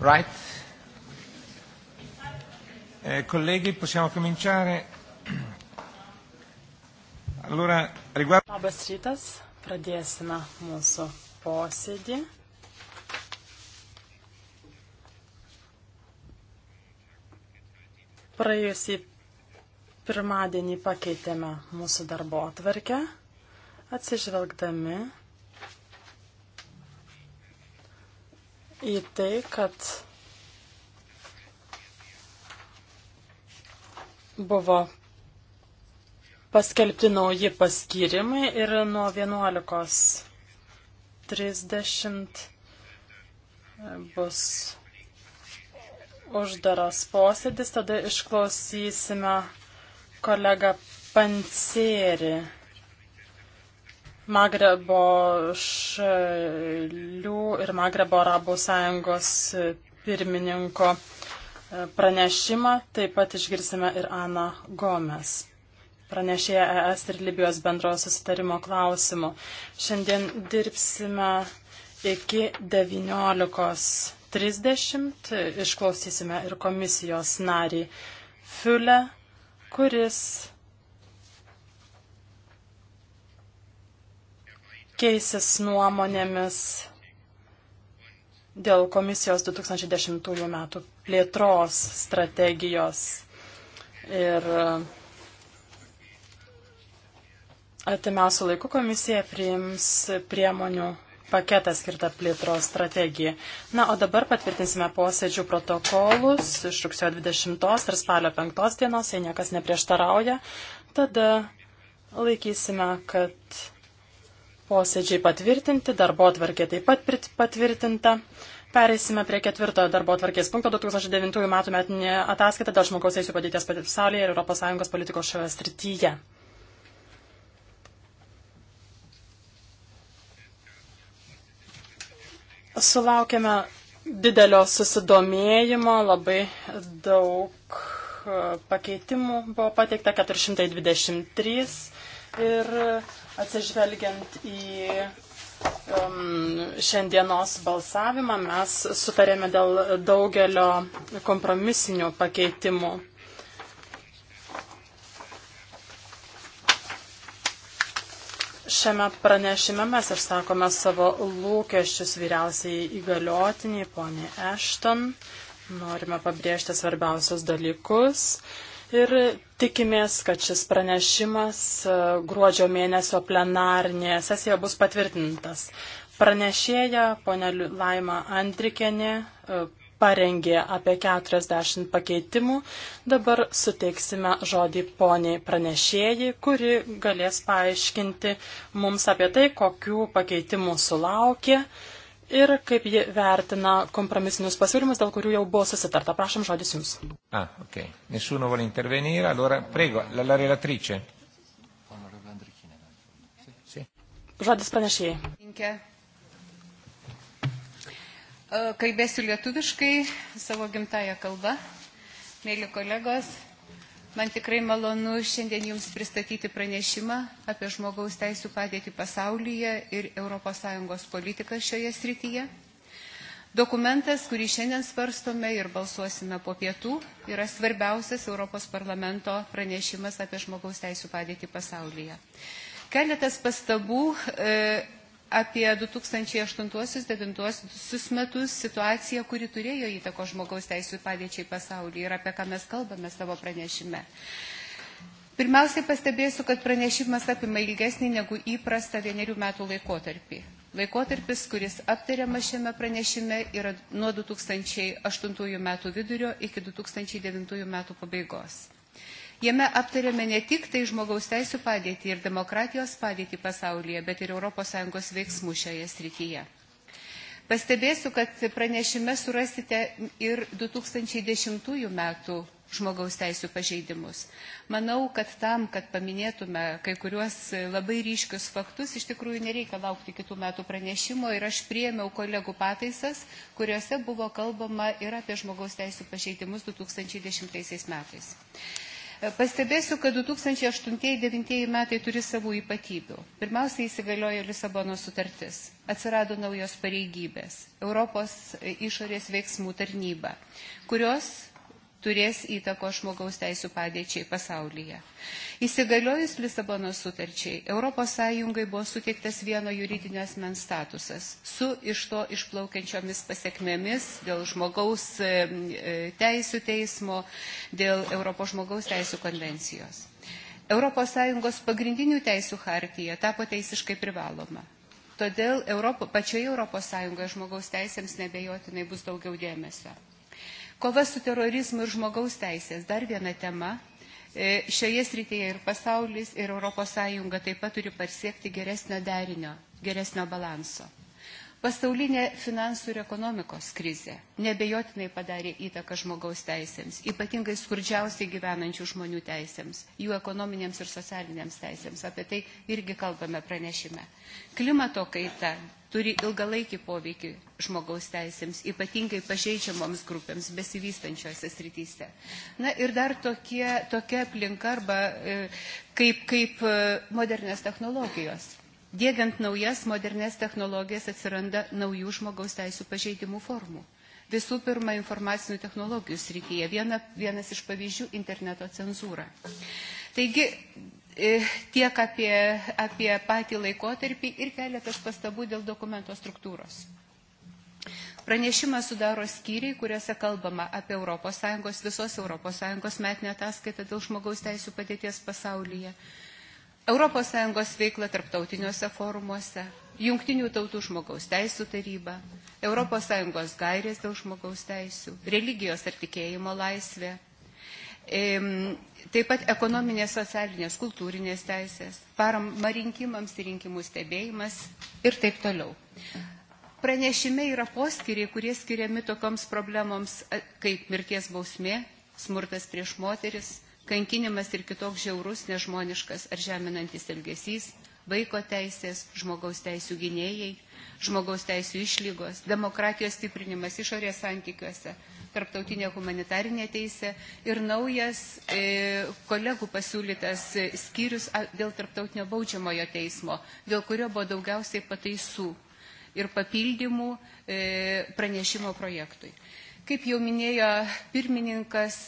Right. Eh, colleghi, possiamo cominciare. Allora, riguardo... Labas rytas, pradėsime mūsų posėdį. Praėjusį pirmadienį pakeitėme mūsų darbo atvarkę, atsižvelgdami į tai, kad buvo paskelbti nauji paskirimai ir nuo 11.30 bus uždaras posėdis, tada išklausysime kolegą Pansėri. Magrebo šalių ir Magrebo Arabų sąjungos pirmininko e, pranešimą. Taip pat išgirsime ir Ana Gomes, pranešėja ES ir Libijos bendrojo susitarimo klausimų. Šiandien dirbsime iki 19.30. Išklausysime ir komisijos narį Fiulę, kuris keisis nuomonėmis dėl komisijos 2010 metų plėtros strategijos ir e, artimiausių laikų komisija priims priemonių paketą skirtą plėtros strategijai. Na, o dabar patvirtinsime posėdžių protokolus iš rugsėjo 20 ir spalio 5 dienos, jei niekas neprieštarauja, tada laikysime, kad posėdžiai patvirtinti, darbo atvarkė taip pat patvirtinta. Pereisime prie ketvirtojo darbo atvarkės punkto 2009 metų metinė ataskaita dėl žmogaus teisų padėties pasaulyje ir ES politikos šioje srityje. Sulaukėme didelio susidomėjimo, labai daug e, pakeitimų buvo pateikta 423 ir Atsižvelgiant į um, šiandienos balsavimą, mes sutarėme dėl daugelio kompromisinių pakeitimų. Šiame pranešime mes išsakome savo lūkesčius vyriausiai įgaliotiniai, poniai Ešton. Norime pabrėžti svarbiausius dalykus ir tikimės, kad šis pranešimas e, gruodžio mėnesio plenarnėje sesijoje bus patvirtintas. Pranešėja ponė Laima Andrikienė e, parengė apie 40 pakeitimų. Dabar suteiksime žodį poniai pranešėjai, kuri galės paaiškinti mums apie tai, kokių pakeitimų sulaukė ir kaip ji vertina kompromisinius pasiūlymus, dėl kurių jau buvo susitarta. Prašom žodis jums. Ah, ok. Nessuno vuole intervenire, allora prego, la, la relatrice. Žodis pranešėjai. Kalbėsiu lietuviškai savo gimtają kalbą. Mėly kolegos, Man tikrai malonu šiandien Jums pristatyti pranešimą apie žmogaus teisų padėtį pasaulyje ir ES politiką šioje srityje. Dokumentas, kurį šiandien svarstome ir balsuosime po pietų, yra svarbiausias Europos parlamento pranešimas apie žmogaus teisų padėtį pasaulyje. Keletas pastabų e, apie 2008-2009 metus situaciją, kuri turėjo įtako žmogaus teisų padėčiai pasaulyje ir apie ką mes kalbame savo pranešime. Pirmiausiai pastebėsiu, kad pranešimas apima ilgesnį negu įprasta vienerių metų laikotarpį. Laikotarpis, kuris aptariamas šiame pranešime, yra nuo 2008 metų vidurio iki 2009 metų pabaigos. Jame aptarėme ne tik tai žmogaus teisų padėtį ir demokratijos padėtį pasaulyje, bet ir ES veiksmų šioje srityje. Pastebėsiu, kad pranešime surasite ir 2010 metų žmogaus teisų pažeidimus. Manau, kad tam, kad paminėtume kai kuriuos labai ryškius faktus, iš tikrųjų nereikia laukti kitų metų pranešimo ir aš priemiau kolegų pataisas, kuriuose buvo kalbama ir apie žmogaus teisų pažeidimus 2010 metais. Pastebėsiu, kad 2008-2009 metai turi savų ypatybių. Pirmiausia, įsigaliojo Lisabono sutartis, atsirado naujos pareigybės, Europos išorės veiksmų tarnyba, kurios turės įtako žmogaus teisų padėčiai pasaulyje. Įsigaliojus Lisabono sutarčiai, ES buvo suteiktas vieno juridinio asmens statusas su iš to išplaukiančiomis pasiekmėmis dėl žmogaus e, teisų teismo, dėl Europos žmogaus teisų konvencijos. ES pagrindinių teisų hartija tapo teisiškai privaloma. Todėl Europo, pačioje ES žmogaus teisėms nebejotinai bus daugiau dėmesio. Kova su terorizmu ir žmogaus teisės dar viena tema. E, šioje srityje ir pasaulis, ir ES taip pat turi pasiekti geresnio derinio, geresnio balanso. Pasaulinė finansų ir ekonomikos krizė nebejotinai padarė įtaką žmogaus teisėms, ypatingai skurdžiausiai gyvenančių žmonių teisėms, jų ekonominėms ir socialinėms teisėms. Apie tai irgi kalbame pranešime. Klimato kaita turi ilgalaikį poveikį žmogaus teisėms, ypatingai pažeidžiamoms grupėms besivystančiose srityse. Na ir dar tokie, tokia aplinka arba e, kaip, kaip e, modernės technologijos. Dėgiant naujas modernės technologijas atsiranda naujų žmogaus teisų pažeidimų formų. Visų pirma, informacinių technologijų srityje. Viena, vienas iš pavyzdžių - interneto cenzūra. Taigi, E, tiek apie, apie patį laikotarpį ir keletas pastabų dėl dokumento struktūros. Pranešimą sudaro skyriai, kuriuose kalbama apie ES, visos ES metinę ataskaitą dėl žmogaus teisų padėties pasaulyje, ES veiklą tarptautiniuose forumuose, Jungtinių tautų žmogaus teisų taryba, ES gairės dėl žmogaus teisų, religijos ar tikėjimo laisvė, taip pat ekonominės, socialinės, kultūrinės teisės, parama rinkimams ir rinkimų stebėjimas ir taip toliau. Pranešime yra poskiriai, kurie skiriami tokioms problemoms kaip mirties bausmė, smurtas prieš moteris, kankinimas ir kitoks žiaurus, nežmoniškas ar žeminantis elgesys, vaiko teisės, žmogaus teisų gynėjai, žmogaus teisų išlygos, demokratijos stiprinimas išorės santykiuose, tarptautinė humanitarinė teisė ir naujas e, kolegų pasiūlytas e, skyrius dėl tarptautinio baudžiamojo teismo, dėl kurio buvo daugiausiai pataisų ir papildymų e, pranešimo projektui. Kaip jau minėjo pirmininkas,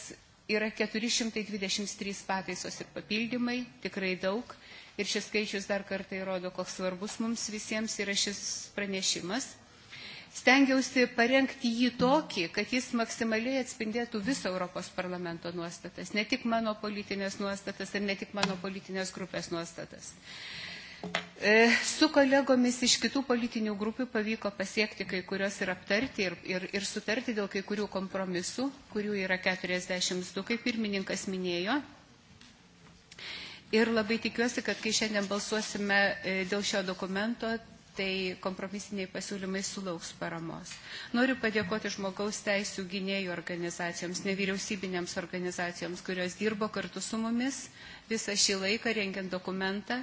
yra 423 pataisos ir papildymai, tikrai daug. Ir šis skaičius dar kartą įrodo, koks svarbus mums visiems yra šis pranešimas stengiausi parengti jį tokį, kad jis maksimaliai atspindėtų visą Europos parlamento nuostatas, ne tik mano politinės nuostatas ir ne tik mano politinės grupės nuostatas. E, su kolegomis iš kitų politinių grupių pavyko pasiekti kai kurios ir aptarti ir, ir, ir sutarti dėl kai kurių kompromisų, kurių yra 42, kaip pirmininkas minėjo. Ir labai tikiuosi, kad kai šiandien balsuosime e, dėl šio dokumento, tai kompromisiniai pasiūlymai sulauks paramos. Noriu padėkoti žmogaus teisų gynėjų organizacijoms, nevyriausybinėms organizacijoms, kurios dirbo kartu su mumis visą šį laiką rengiant dokumentą.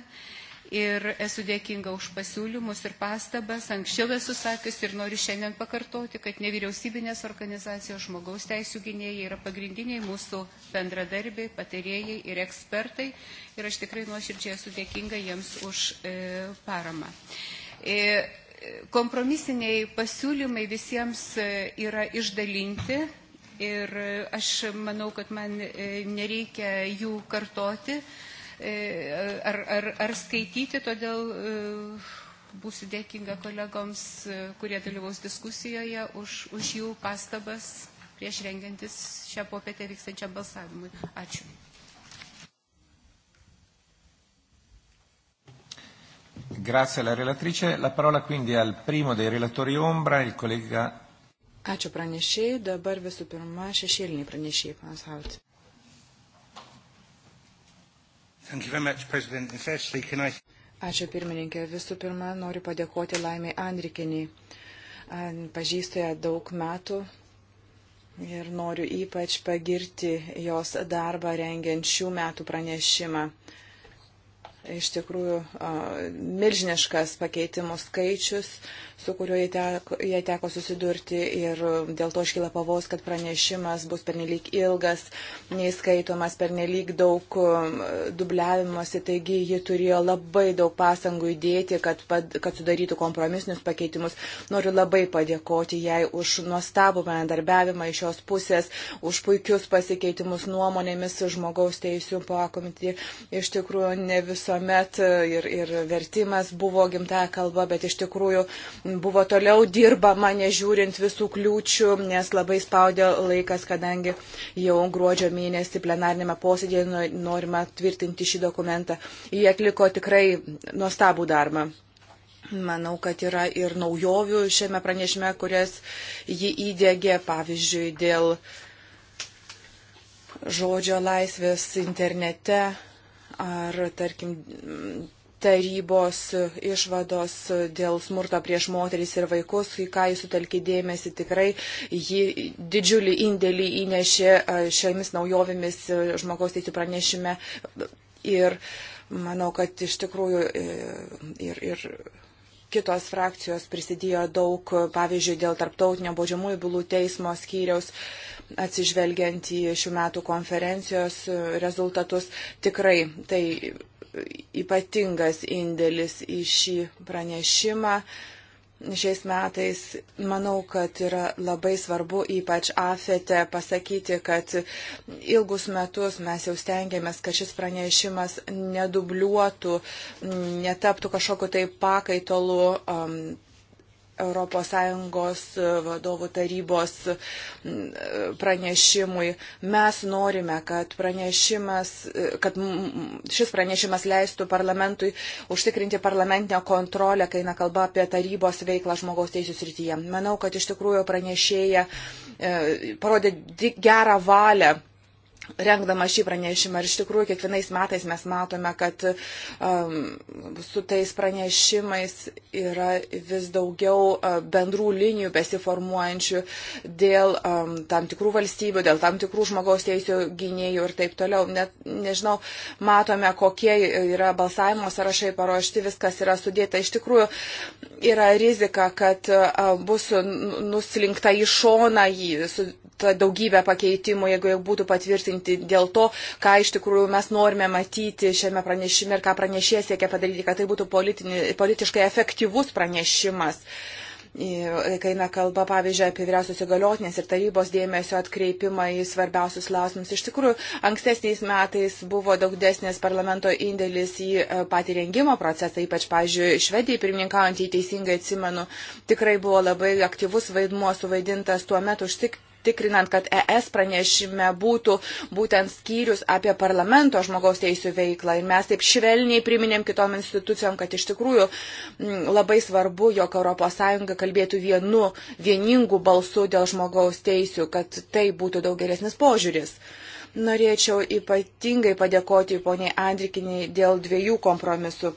Ir esu dėkinga už pasiūlymus ir pastabas. Anksčiau esu sakęs ir noriu šiandien pakartoti, kad nevyriausybinės organizacijos žmogaus teisų gynėjai yra pagrindiniai mūsų bendradarbiai, patarėjai ir ekspertai. Ir aš tikrai nuoširdžiai esu dėkinga jiems už e, paramą. E, E, kompromisiniai pasiūlymai visiems e, yra išdalinti ir e, aš manau, kad man nereikia jų kartoti ar, ar, ar skaityti, todėl būsiu dėkinga kolegoms, kurie dalyvaus diskusijoje, už, už jų pastabas prieš rengiantis šią popietę vykstančiam balsavimui. Ačiū. Grazie alla relatrice. La parola quindi al primo dei relatori ombra, il collega. Ačiū pranešėjai, dabar visų pirma šešėliniai pranešėjai, panas Haut. Ačiū pirmininkė, visų pirma noriu padėkoti Laimiai Andrikiniai. Pažįstu ją daug metų, Ir noriu ypač pagirti jos darbą rengiant šių metų pranešimą iš tikrųjų milžiniškas pakeitimų skaičius. Uh, su kuriuo jie teko, jie teko susidurti ir dėl to iškyla pavos, kad pranešimas bus pernelyg ilgas, neįskaitomas, pernelyg daug um, dubliavimuose, taigi ji turėjo labai daug pasangų įdėti, kad, kad sudarytų kompromisinius pakeitimus. Noriu labai padėkoti jai už nuostabų bendarbiavimą iš jos pusės, už puikius pasikeitimus nuomonėmis žmogaus teisų pakomitį. Iš tikrųjų, ne visuomet ir, ir vertimas buvo gimtaja kalba, bet iš tikrųjų buvo toliau dirbama, nežiūrint visų kliūčių, nes labai spaudė laikas, kadangi jau gruodžio mėnesį plenarnėme posėdėje norime tvirtinti šį dokumentą. Jie atliko tikrai nuostabų darbą. Manau, kad yra ir naujovių šiame pranešime, kurias ji įdėgė, pavyzdžiui, dėl žodžio laisvės internete ar, tarkim, tarybos išvados dėl smurto prieš moteris ir vaikus, į ką jis sutelkė dėmesį, tikrai jį didžiulį indėlį įnešė šiomis naujovėmis e, žmogaus teisų pranešime. Ir manau, kad iš tikrųjų e, ir. ir Kitos frakcijos prisidėjo daug, pavyzdžiui, dėl tarptautinio baudžiamųjų bylų teismo skyriaus atsižvelgiant į šių metų konferencijos e, rezultatus. Tikrai tai ypatingas indėlis į šį pranešimą. Šiais metais manau, kad yra labai svarbu ypač afete pasakyti, kad ilgus metus mes jau stengiamės, kad šis pranešimas nedubliuotų, netaptų kažkokiu tai pakaitalu um, ES e, vadovų tarybos e, pranešimui. Mes norime, kad, pranešimas, e, kad šis pranešimas leistų parlamentui užtikrinti parlamentinę kontrolę, kai eina kalba apie tarybos veiklą žmogaus teisų srityje. Manau, kad iš tikrųjų pranešėja parodė gerą valią rengdama šį pranešimą. Ir iš tikrųjų kiekvienais metais mes matome, kad um, su tais pranešimais yra vis daugiau uh, bendrų linijų besiformuojančių dėl um, tam tikrų valstybių, dėl tam tikrų žmogaus teisų gynėjų ir taip toliau. Net nežinau, matome, kokie yra balsavimo sąrašai paruošti, viskas yra sudėta. Iš tikrųjų yra rizika, kad uh, bus nuslinkta į šoną, į, su, ta daugybė pakeitimų, jeigu jau būtų patvirtinti dėl to, ką iš tikrųjų mes norime matyti šiame pranešime ir ką pranešėjas siekia padaryti, kad tai būtų politinį, politiškai efektyvus pranešimas. Kai eina kalba, pavyzdžiui, apie vyriausios įgaliotinės ir tarybos dėmesio atkreipimą į svarbiausius klausimus. Iš tikrųjų, ankstesniais metais buvo daug desnės parlamento indėlis į e, patį rengimo procesą, ypač, pavyzdžiui, Švedijai pirmininkaujant, jei teisingai atsimenu, tikrai buvo labai aktyvus vaidmuo suvaidintas tuo metu užtikti užtikrinant, kad ES pranešime būtų būtent skyrius apie parlamento žmogaus teisų veiklą. Ir mes taip švelniai priminėm kitom institucijom, kad iš tikrųjų labai svarbu, jog ES kalbėtų vienu, vieningu balsu dėl žmogaus teisų, kad tai būtų daug geresnis požiūris. Norėčiau ypatingai padėkoti poniai Andrikiniai dėl dviejų kompromisų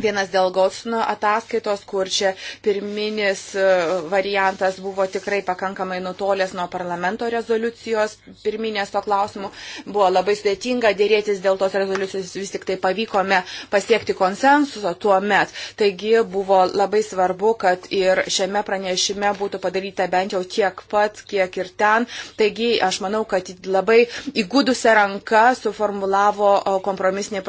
Vienas dėl Gotsino ataskaitos, kur čia pirminis e, variantas buvo tikrai pakankamai nutolęs nuo parlamento rezoliucijos, pirminės to klausimų buvo labai sudėtinga dėrėtis dėl tos rezoliucijos, vis tik tai pavykome pasiekti konsensuso tuo met. Taigi buvo labai svarbu, kad ir šiame pranešime būtų padaryta bent jau tiek pat, kiek ir ten. Taigi aš manau, kad labai įgudusią ranką suformulavo kompromisinį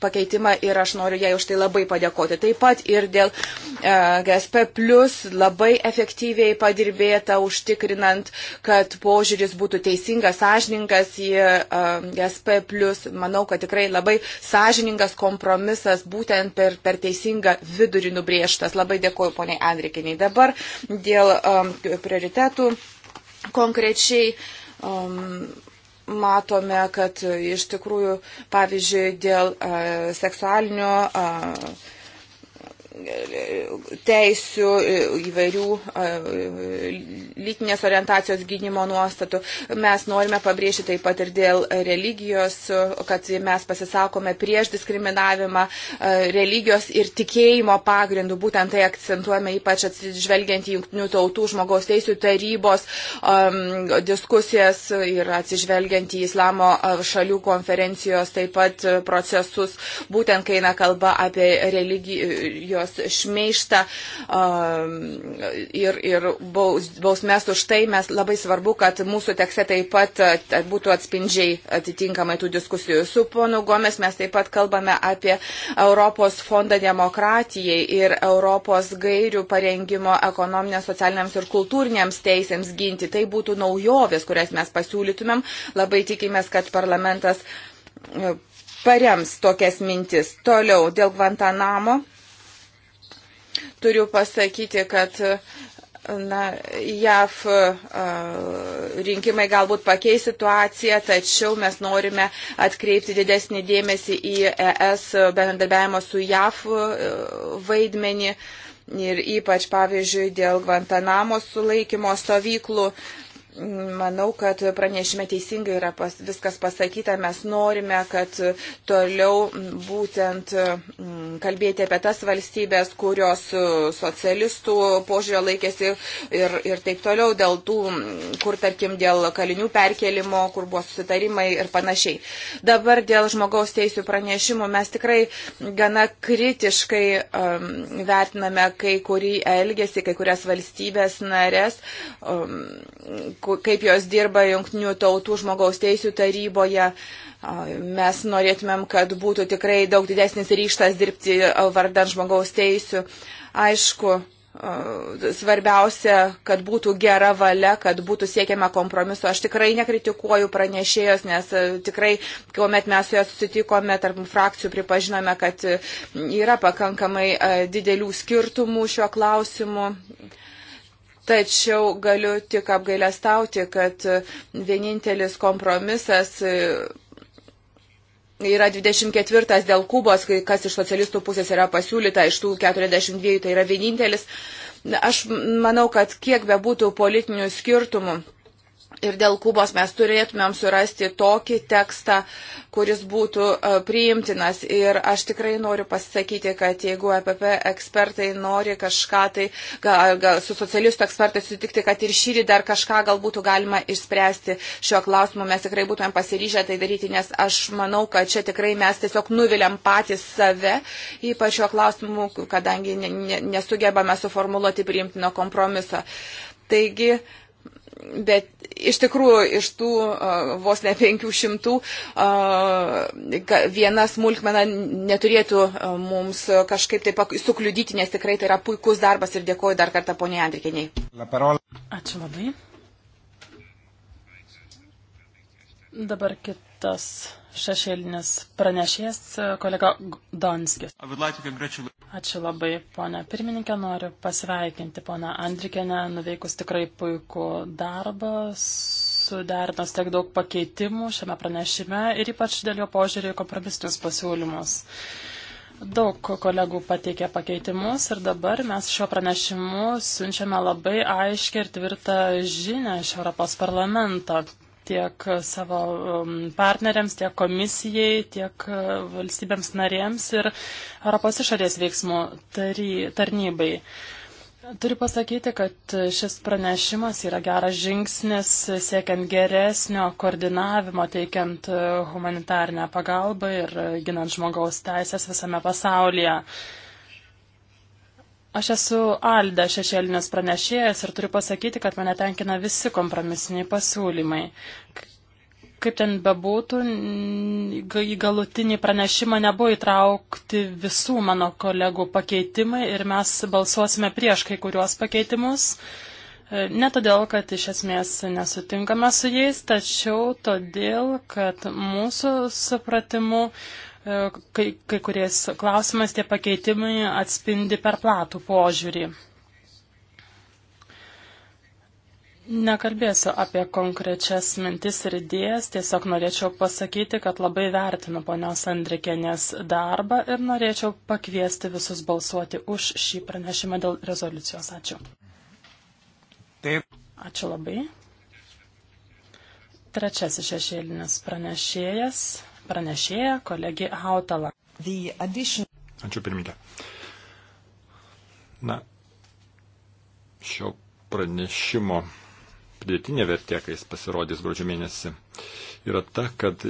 pakeitimą ir aš noriu jai už tai labai labai padėkoti. Taip pat ir dėl e, GSP plus labai efektyviai padirbėta užtikrinant, kad požiūris būtų teisingas, sąžiningas į e, GSP plus. Manau, kad tikrai labai sąžiningas kompromisas būtent per, per teisingą vidurį nubrėžtas. Labai dėkoju poniai Andrikiniai. Dabar dėl um, prioritetų konkrečiai. Um, matome, kad iš tikrųjų, pavyzdžiui, dėl seksualinio teisių, įvairių lytinės orientacijos gynimo nuostatų. Mes norime pabrėžti taip pat ir dėl religijos, kad mes pasisakome prieš diskriminavimą religijos ir tikėjimo pagrindų. Būtent tai akcentuojame ypač atsižvelgiant į Junktinių tautų žmogaus teisų tarybos um, diskusijas ir atsižvelgiant į islamo šalių konferencijos taip pat procesus, būtent kai eina kalba apie religijos korupcijos, šmeištą um, ir, ir bausmės už tai. Mes labai svarbu, kad mūsų tekste taip pat būtų atspindžiai atitinkamai tų diskusijų. Su ponu Gomes mes taip pat kalbame apie Europos fondą demokratijai ir Europos gairių parengimo ekonominės, socialiniams ir kultūriniams teisėms ginti. Tai būtų naujovės, kurias mes pasiūlytumėm. Labai tikimės, kad parlamentas parems tokias mintis. Toliau dėl Guantanamo Turiu pasakyti, kad na, JAF rinkimai galbūt pakeis situaciją, tačiau mes norime atkreipti didesnį dėmesį į ES bendradarbiavimo su JAF vaidmenį. Ir ypač, pavyzdžiui, dėl Guantanamo sulaikymo stovyklų Manau, kad pranešime teisingai yra pas, viskas pasakyta. Mes norime, kad toliau būtent mm, kalbėti apie tas valstybės, kurios mm, socialistų požiūrio laikėsi ir, ir taip toliau, dėl tų, mm, kur tarkim dėl kalinių perkelimo, kur buvo susitarimai ir panašiai. Dabar dėl žmogaus teisų pranešimų mes tikrai gana kritiškai um, vertiname kai kurį elgesį, kai kurias valstybės narės. Um, kaip jos dirba Junktinių tautų žmogaus teisų taryboje. Mes norėtumėm, kad būtų tikrai daug didesnis ryštas dirbti vardan žmogaus teisų. Aišku, svarbiausia, kad būtų gera valia, kad būtų siekiama kompromiso. Aš tikrai nekritikuoju pranešėjos, nes tikrai, kuomet mes su ja susitikome, tarp frakcijų pripažinome, kad yra pakankamai didelių skirtumų šiuo klausimu. Tačiau galiu tik apgailestauti, kad vienintelis kompromisas e, yra 24 dėl Kubos, kas iš socialistų pusės yra pasiūlyta, iš tų 42 tai yra vienintelis. Aš manau, kad kiek be būtų politinių skirtumų Ir dėl Kubos mes turėtumėm surasti tokį tekstą, kuris būtų e, priimtinas. Ir aš tikrai noriu pasisakyti, kad jeigu EPP ekspertai nori kažką, tai gal, gal, su socialistų ekspertai sutikti, kad ir šį dar kažką gal būtų galima išspręsti šio klausimu, mes tikrai būtumėm pasiryžę tai daryti, nes aš manau, kad čia tikrai mes tiesiog nuviliam patys save, ypač šio klausimu, kadangi nesugebame suformuluoti priimtino kompromiso. Taigi, Bet iš tikrųjų iš tų uh, vos ne 500 uh, viena smulkmena neturėtų uh, mums kažkaip taip sukliudyti, nes tikrai tai yra puikus darbas ir dėkoju dar kartą poniai Andrikiniai. Ačiū labai. Dabar kitas šešėlinis pranešėjas kolega Donskis. Ačiū labai, ponia pirmininkė, noriu pasveikinti poną Andrikenę, nuveikus tikrai puikų darbą, suderinus tiek daug pakeitimų šiame pranešime ir ypač dėl jo požiūrį į kompromisinius pasiūlymus. Daug kolegų pateikė pakeitimus ir dabar mes šiuo pranešimu siunčiame labai aiškę ir tvirtą žinę iš Europos parlamento tiek savo um, partneriams, tiek komisijai, tiek uh, valstybėms narėms ir Europos išorės veiksmų tarnybai. Turiu pasakyti, kad šis pranešimas yra geras žingsnis siekiant geresnio koordinavimo, teikiant uh, humanitarnę pagalbą ir uh, ginant žmogaus teisės visame pasaulyje. Aš esu Alda šešėlinės pranešėjas ir turiu pasakyti, kad mane tenkina visi kompromisiniai pasiūlymai. Kaip ten bebūtų, į galutinį pranešimą nebuvo įtraukti visų mano kolegų pakeitimai ir mes balsuosime prieš kai kuriuos pakeitimus. E, ne todėl, kad iš esmės nesutinkame su jais, tačiau todėl, kad mūsų supratimu E, kai, kai kuriais klausimais tie pakeitimai atspindi per platų požiūrį. Nekalbėsiu apie konkrečias mintis ir idėjas, tiesiog norėčiau pasakyti, kad labai vertinu ponios Andrikienės darbą ir norėčiau pakviesti visus balsuoti už šį pranešimą dėl rezoliucijos. Ačiū. Taip. Ačiū labai. Trečiasis šešėlinis pranešėjas pranešėja, kolegė Hautala. Addition... Ačiū pirmininkė. Na, šio pranešimo pridėtinė vertė, kai jis pasirodys gruodžio mėnesį, yra ta, kad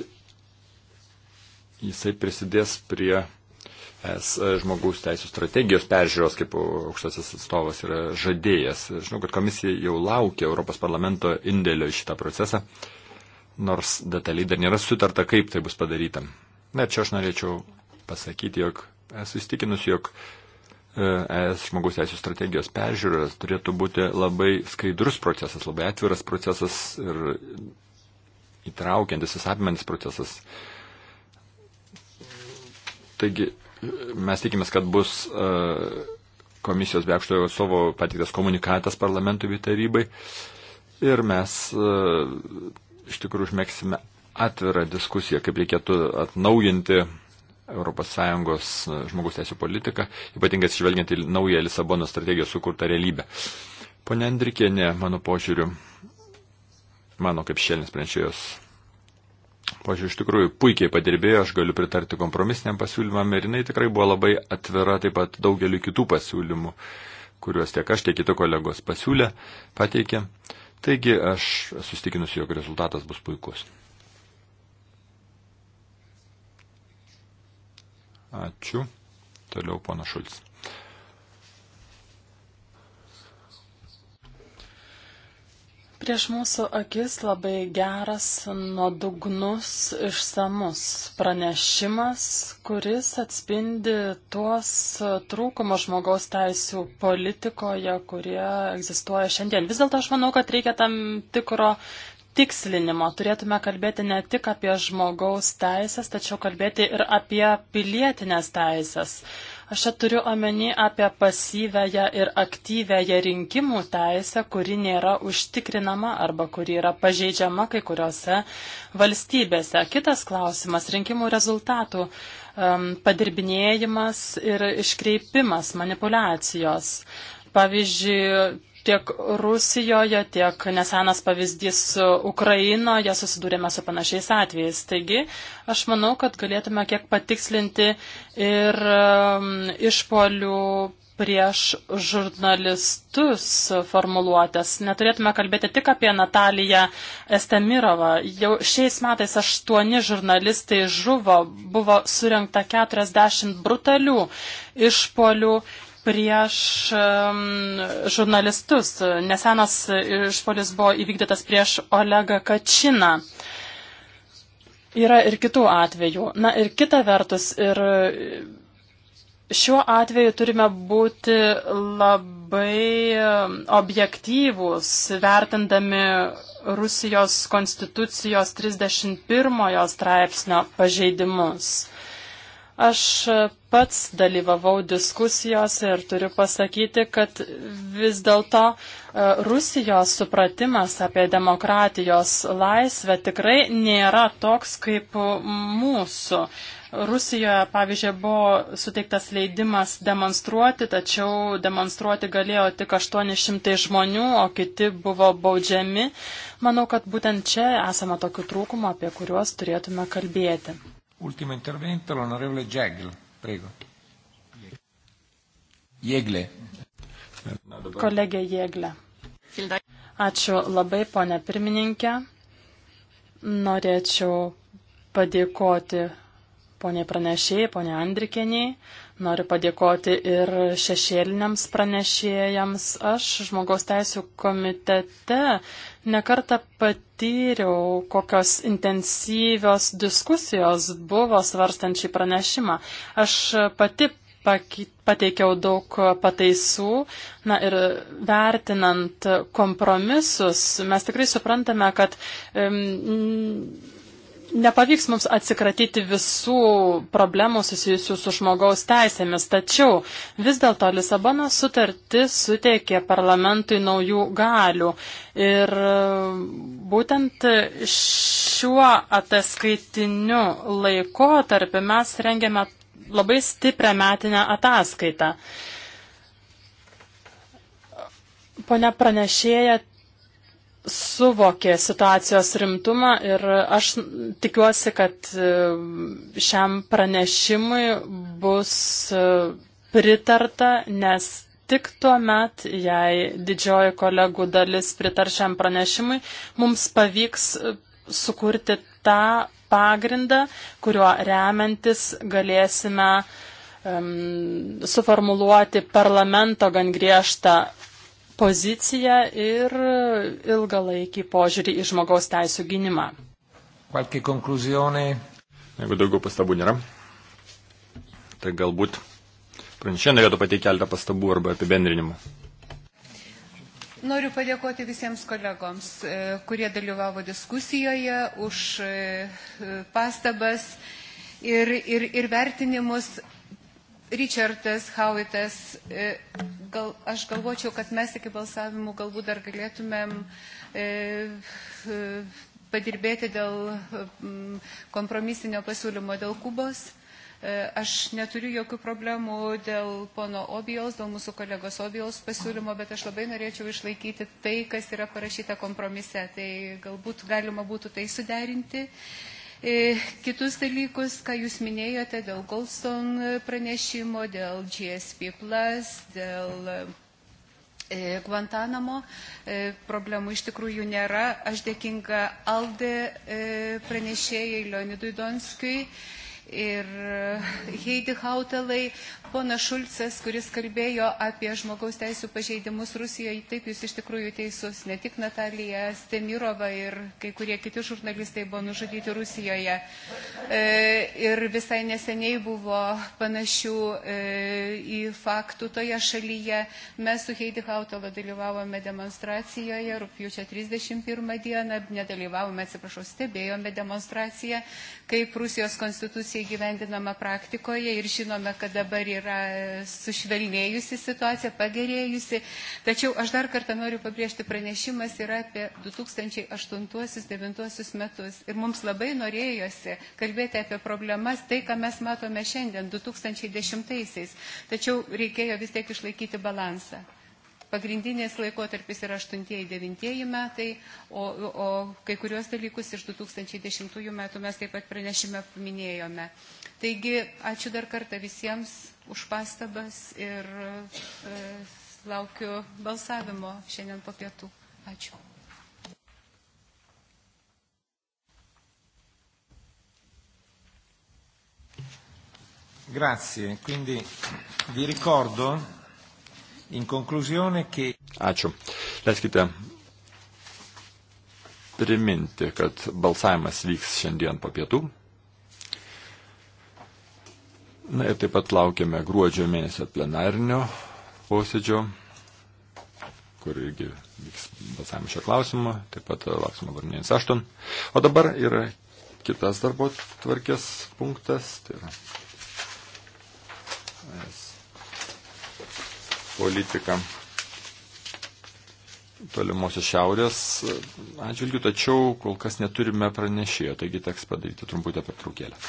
jisai prisidės prie es žmogaus teisų strategijos peržiūros, kaip aukštasis atstovas yra žadėjęs. Žinau, kad komisija jau laukia Europos parlamento indėlio į šitą procesą. Uh, nors detaliai dar nėra sutarta, kaip tai bus padaryta. Na, čia aš norėčiau pasakyti, jog esu įstikinus, jog e, ES žmogaus teisų strategijos peržiūros turėtų būti labai skaidrus procesas, labai atviras procesas ir įtraukiantis, apimantis procesas. Taigi mes tikimės, kad bus e, komisijos be aukštojo savo patiktas komunikatas parlamentui bei tarybai ir mes e, iš tikrųjų užmėgsime atvirą diskusiją, kaip reikėtų atnaujinti ES žmogus teisų politiką, ypatingai atsižvelgiant į naują Lisabono strategijos sukurtą realybę. Pone Andrikienė, mano požiūriu, mano kaip šėlinis pranešėjos Pavyzdžiui, iš tikrųjų puikiai padirbėjo, aš galiu pritarti kompromisiniam pasiūlymam ir jinai tikrai buvo labai atvira taip pat daugeliu kitų pasiūlymų, kuriuos tiek aš, tiek kiti kolegos pasiūlė, pateikė. Uh, Taigi aš susitikinus, jog rezultatas bus puikus. Ačiū. Toliau pana Šulcis. Prieš mūsų akis labai geras, nuodugnus, išsamus pranešimas, kuris atspindi tuos trūkumus žmogaus teisų politikoje, kurie egzistuoja šiandien. Vis dėlto aš manau, kad reikia tam tikro tikslinimo. Turėtume kalbėti ne tik apie žmogaus teisės, tačiau kalbėti ir apie pilietinės teisės. Aš čia turiu omeny apie pasyvęją ir aktyvęją rinkimų teisę, kuri nėra užtikrinama arba kuri yra pažeidžiama kai kuriuose valstybėse. Kitas klausimas - rinkimų rezultatų um, padirbinėjimas ir iškreipimas, manipulacijos. Pavyzdžiui, tiek Rusijoje, tiek nesenas pavyzdys Ukrainoje susidūrėme su panašiais atvejais. Taigi, aš manau, kad galėtume kiek patikslinti ir um, išpolių prieš žurnalistus formuluotės. Neturėtume kalbėti tik apie Nataliją Estemirovą. Jau šiais metais aštuoni žurnalistai žuvo, buvo surinkta 40 brutalių išpolių prieš žurnalistus. Nesenas išpolis buvo įvykdytas prieš Olegą Kačiną. Yra ir kitų atvejų. Na ir kita vertus, ir šiuo atveju turime būti labai objektyvūs, vertindami Rusijos konstitucijos 31 straipsnio pažeidimus. Aš pats dalyvavau diskusijose ir turiu pasakyti, kad vis dėlto e, Rusijos supratimas apie demokratijos laisvę tikrai nėra toks kaip mūsų. Rusijoje, pavyzdžiui, buvo suteiktas leidimas demonstruoti, tačiau demonstruoti galėjo tik 800 žmonių, o kiti buvo baudžiami. Manau, kad būtent čia esame tokių trūkumų, apie kuriuos turėtume kalbėti. Ultimo intervento, l'onorevole Jegl, prego. Jėglė. Kolegė Jėglė. Ačiū labai, ponė pirmininkė. Norėčiau padėkoti poniai pranešėjai, poniai Andrikieniai. Noriu padėkoti ir šešėliniams pranešėjams. Aš žmogaus teisų komitete nekartą pat patyriau, kokios intensyvios diskusijos buvo svarstant šį pranešimą. Aš pati pateikiau daug pataisų. Na ir vertinant kompromisus, mes tikrai suprantame, kad um, nepavyks mums atsikratyti visų problemų susijusių su žmogaus teisėmis, tačiau vis dėlto Lisabono sutartis suteikė parlamentui naujų galių. Ir būtent šiuo ataskaitiniu laikotarpiu mes rengiame labai stiprią metinę ataskaitą. Pone pranešėja suvokė situacijos rimtumą ir aš tikiuosi, kad e, šiam pranešimui bus e, pritarta, nes tik tuo met, jei didžioji kolegų dalis pritar šiam pranešimui, mums pavyks e, sukurti tą pagrindą, kuriuo remiantis galėsime um, suformuluoti parlamento gan griežtą poziciją ir ilgalaikį požiūrį į žmogaus teisų gynimą. Kokia konkluzionė? Jeigu daugiau pastabų nėra, tai galbūt pranešė norėtų pateikti keletą pastabų arba apibendrinimų. Noriu padėkoti visiems kolegoms, e, kurie dalyvavo diskusijoje, už e, e, pastabas ir, ir, ir vertinimus. Richardas, Howitas, e, gal, aš galvočiau, kad mes iki balsavimų galbūt dar galėtumėm e, e, padirbėti dėl kompromisinio pasiūlymo dėl Kubos. E, aš neturiu jokių problemų dėl pono Obijos, dėl mūsų kolegos Obijos pasiūlymo, bet aš labai norėčiau išlaikyti tai, kas yra parašyta kompromise. Tai galbūt galima būtų tai suderinti. E, E, kitus dalykus, ką jūs minėjote dėl Goldstone pranešimo, dėl GSP, dėl e, Guantanamo. E, problemų iš tikrųjų nėra. Aš dėkinga Alde pranešėjai Leonidui Donskijui ir e, Heidi Hautalai, pona Šulcas, kuris kalbėjo apie žmogaus teisų pažeidimus Rusijoje. Taip, jūs iš tikrųjų teisus, ne tik Natalija Stemirova ir kai kurie kiti žurnalistai buvo nužudyti Rusijoje. E, ir visai neseniai buvo panašių e, į faktų toje šalyje. Mes su Heidi Hautala dalyvavome demonstracijoje rūpjūčio 31 dieną, nedalyvavome, atsiprašau, stebėjome demonstraciją, kaip Rusijos konstitucija dažniausiai gyvendinama praktikoje ir žinome, kad dabar yra sušvelnėjusi situacija, pagerėjusi. Tačiau aš dar kartą noriu pabrėžti, pranešimas yra apie 2008-2009 metus. Ir mums labai norėjosi kalbėti apie problemas, tai, ką mes matome šiandien, 2010-aisiais. Tačiau reikėjo vis tiek išlaikyti balansą. Pagrindinės laikotarpis yra 8-9 metai, o, o kai kurios dalykus iš 2010 metų mes taip pat pranešime paminėjome. Taigi, ačiū dar kartą visiems už pastabas ir e, laukiu balsavimo šiandien po pietų. Ačiū. Grazie, quindi vi ricordo In conclusione, che... Ačiū. Leiskite priminti, kad balsavimas vyks šiandien po pietų. Na ir taip pat laukiame gruodžio mėnesio plenarinio posėdžio, kur irgi vyks balsavimas šio klausimo, taip pat lauksime varnėnis aštun. O dabar yra kitas darbo tvarkės punktas, tai yra politiką tolimosios šiaurės atžvilgių, tačiau kol kas neturime pranešėjo, taigi teks padaryti trumputę pertraukėlę.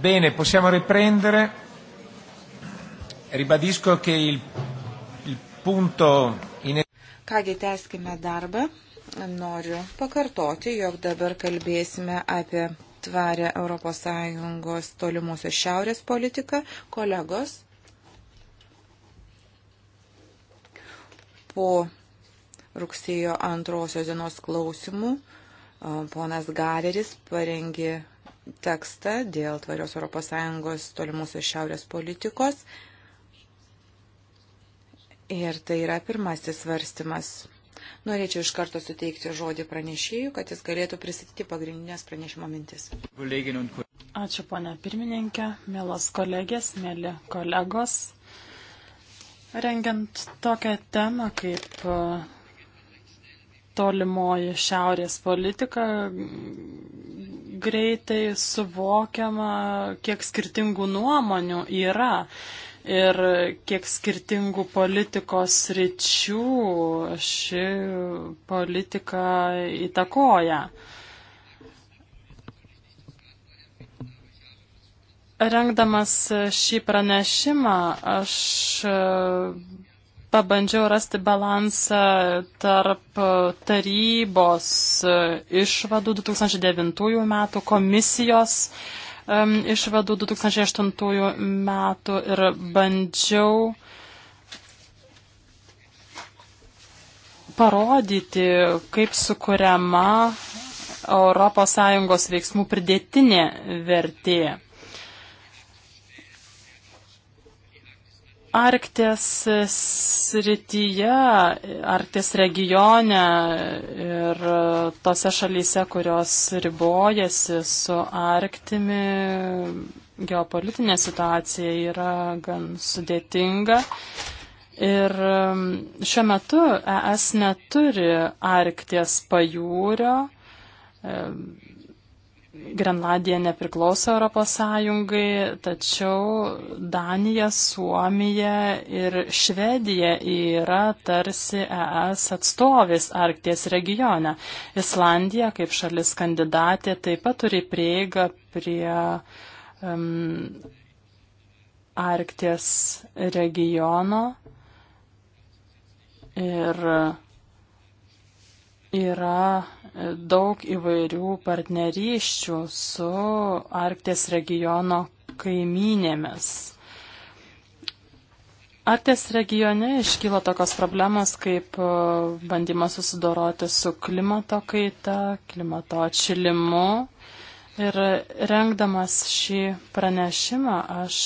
Bene, possiamo riprendere. Ribadisco che il, il punto in. Kągi, tęskime darbą. Noriu pakartoti, jog dabar kalbėsime apie tvarę ES tolimusios šiaurės politiką. Kolegos, po rugsėjo antrosios dienos klausimų ponas Galeris parengė tekstą dėl tvarios ES tolimusios šiaurės politikos. Ir tai yra pirmasis svarstymas. Norėčiau iš karto suteikti žodį pranešėjų, kad jis galėtų pristatyti pagrindinės pranešimo mintis. Ačiū, ponia pirmininkė, mielos kolegės, mėly kolegos. Rengiant tokią temą kaip e, tolimoji šiaurės politika, greitai suvokiama, kiek skirtingų nuomonių yra ir kiek skirtingų politikos ryčių ši politika įtakoja. Rengdamas šį pranešimą aš pabandžiau rasti balansą tarp e, tarybos e, išvadų 2009 metų, komisijos um, išvadų 2008 metų ir bandžiau parodyti, kaip sukuriama ES veiksmų pridėtinė vertė. Arktės srityje, Arktės regione ir tose šalyse, kurios ribojasi su Arktimi, geopolitinė situacija yra gan sudėtinga. Ir um, šiuo metu ES neturi Arkties pajūrio. Um, Grenlandija nepriklauso Europos Sąjungai, tačiau Danija, Suomija ir Švedija yra tarsi ES atstovės Arkties regione. Islandija, kaip šalis kandidatė, taip pat turi prieigą prie um, Arkties regiono ir yra daug įvairių partnerysčių su Arkties regiono kaimynėmis. Arkties regione iškyla tokios problemos kaip e, bandymas susidoroti su klimato kaita, klimato atšilimu. Ir rengdamas šį pranešimą aš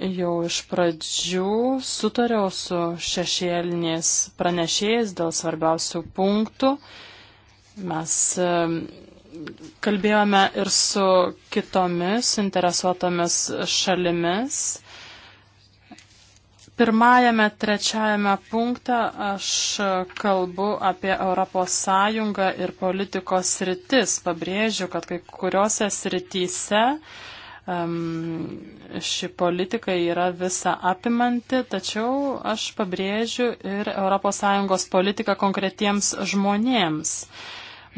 jau iš pradžių sutariau su šešėlinės pranešėjais dėl svarbiausių punktų. Mes kalbėjome ir su kitomis interesuotomis šalimis. Pirmajame, trečiajame punkte aš kalbu apie Europos Sąjungą ir politikos sritis. Pabrėžiu, kad kai kuriuose srityse uh, ši politika yra visa apimanti, tačiau aš pabrėžiu ir ES politiką konkretiems žmonėms.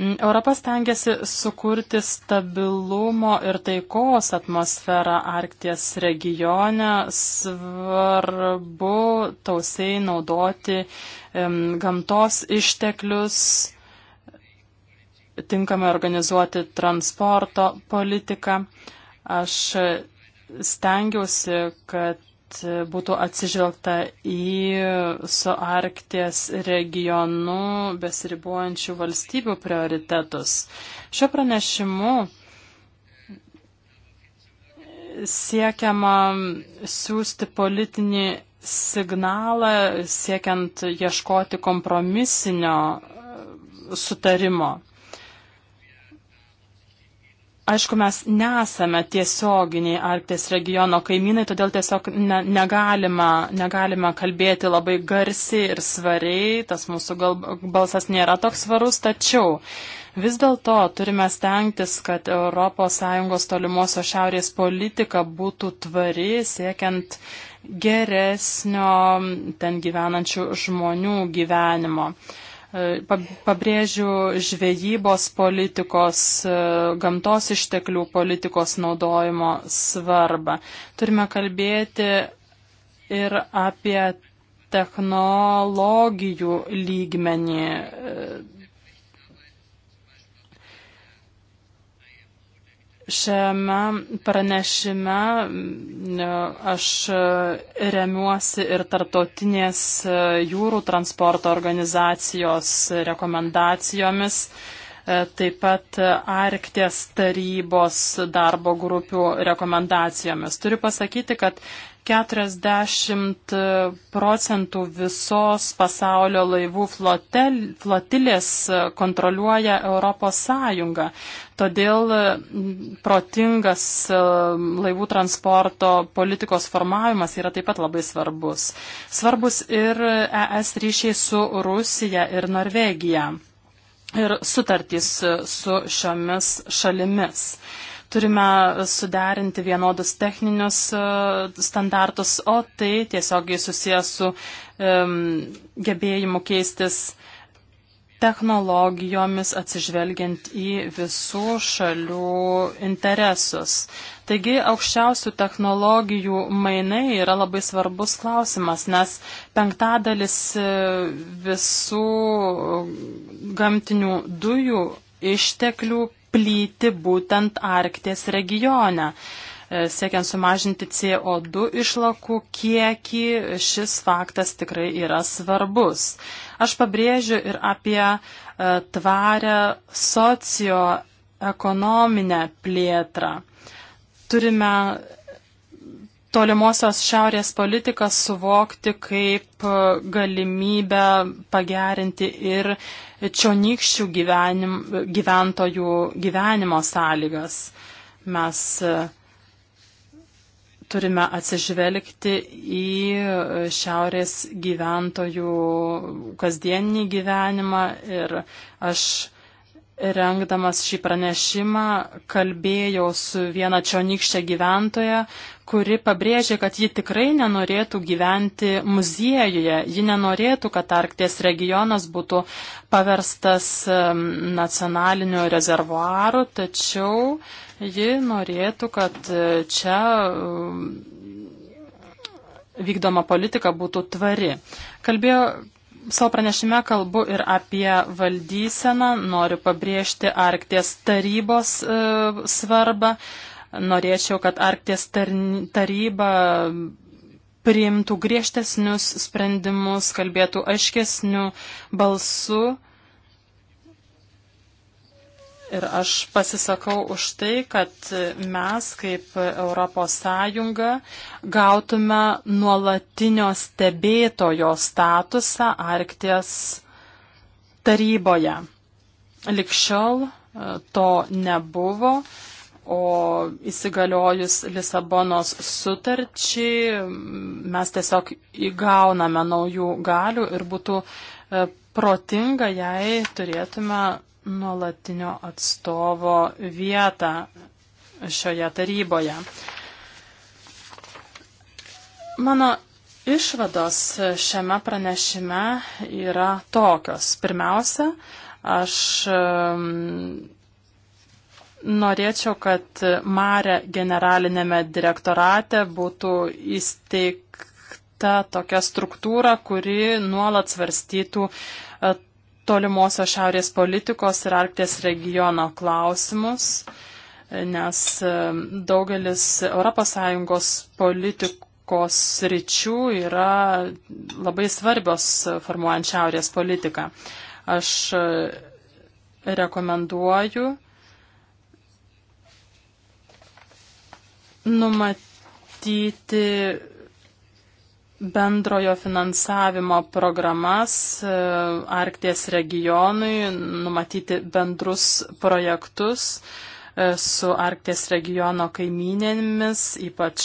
Europas tengiasi sukurti stabilumo ir taikos atmosferą Arkties regione. Svarbu tausiai naudoti um, gamtos išteklius, tinkamai organizuoti transporto politiką. Uh, Aš stengiausi, kad būtų atsižvelgta į su Arkties regionu besiribuojančių valstybių prioritetus. Šio pranešimu siekiama siūsti politinį signalą, siekiant ieškoti kompromisinio sutarimo. Aišku, mes nesame tiesioginiai Arkties regiono kaimynai, todėl tiesiog ne, negalima, negalima kalbėti labai garsiai ir svariai, tas mūsų gal, balsas nėra toks svarus, tačiau vis dėlto turime stengtis, kad ES tolimuosio šiaurės politika būtų tvari, siekiant geresnio ten gyvenančių žmonių gyvenimo. Pabrėžiu žvejybos politikos, e, gamtos išteklių politikos naudojimo svarbą. Turime kalbėti ir apie technologijų lygmenį e, Šiame pranešime aš e, remiuosi ir tarptautinės e, jūrų transporto organizacijos rekomendacijomis, e, taip pat Arkties tarybos darbo grupių rekomendacijomis. Turiu pasakyti, kad 40 procentų visos pasaulio laivų flotel, flotilės kontroliuoja Europos Sąjunga. Todėl protingas e, laivų transporto politikos formavimas yra taip pat labai svarbus. Svarbus ir ES ryšiai su Rusija ir Norvegija ir sutartys su šiomis šalimis. Turime suderinti vienodus techninius e, standartus, o tai tiesiogiai susijęs su um, gebėjimu keistis technologijomis atsižvelgiant į visų šalių interesus. Taigi aukščiausių technologijų mainai yra labai svarbus klausimas, nes penktadalis e, visų gamtinių dujų išteklių plyti būtent Arkties regione. E, siekiant sumažinti CO2 išlakų kiekį, šis faktas tikrai yra svarbus. Aš pabrėžiu ir apie e, tvarę socioekonominę plėtrą. Turime tolimosios šiaurės politiką suvokti kaip e, galimybę pagerinti ir čionykščių gyvenim, gyventojų gyvenimo sąlygas. Mes e, turime atsižvelgti į šiaurės gyventojų kasdieninį gyvenimą ir aš rengdamas šį pranešimą kalbėjau su viena čionykščia gyventoja, kuri pabrėžė, kad ji tikrai nenorėtų gyventi muziejuje, ji nenorėtų, kad Arkties regionas būtų paverstas nacionaliniu rezervuaru, tačiau ji norėtų, kad e, čia vykdoma politika būtų tvari. Kalbėjo savo pranešime kalbu ir apie valdyseną, noriu pabrėžti Arkties tarybos e, svarbą. Norėčiau, kad Arkties taryba priimtų griežtesnius sprendimus, kalbėtų aiškesnių balsų. Ir aš pasisakau už tai, kad mes kaip Europos Sąjunga gautume nuolatinio stebėtojo statusą Arkties taryboje. Likščiol e, to nebuvo o įsigaliojus Lisabonos sutarčiai mes tiesiog įgauname naujų galių ir būtų e, protinga, jei turėtume nuolatinio atstovo vietą šioje taryboje. Mano išvados šiame pranešime yra tokios. Pirmiausia, aš Norėčiau, kad Mare generalinėme direktorate būtų įsteigta tokia struktūra, kuri nuolat svarstytų e, tolimosios šiaurės politikos ir Arkties regiono klausimus, e, nes e, daugelis ES politikos ryčių yra labai svarbios formuojant šiaurės politiką. Aš rekomenduoju numatyti bendrojo finansavimo programas e, Arkties regionui, numatyti bendrus projektus e, su Arkties regiono kaimynėmis, ypač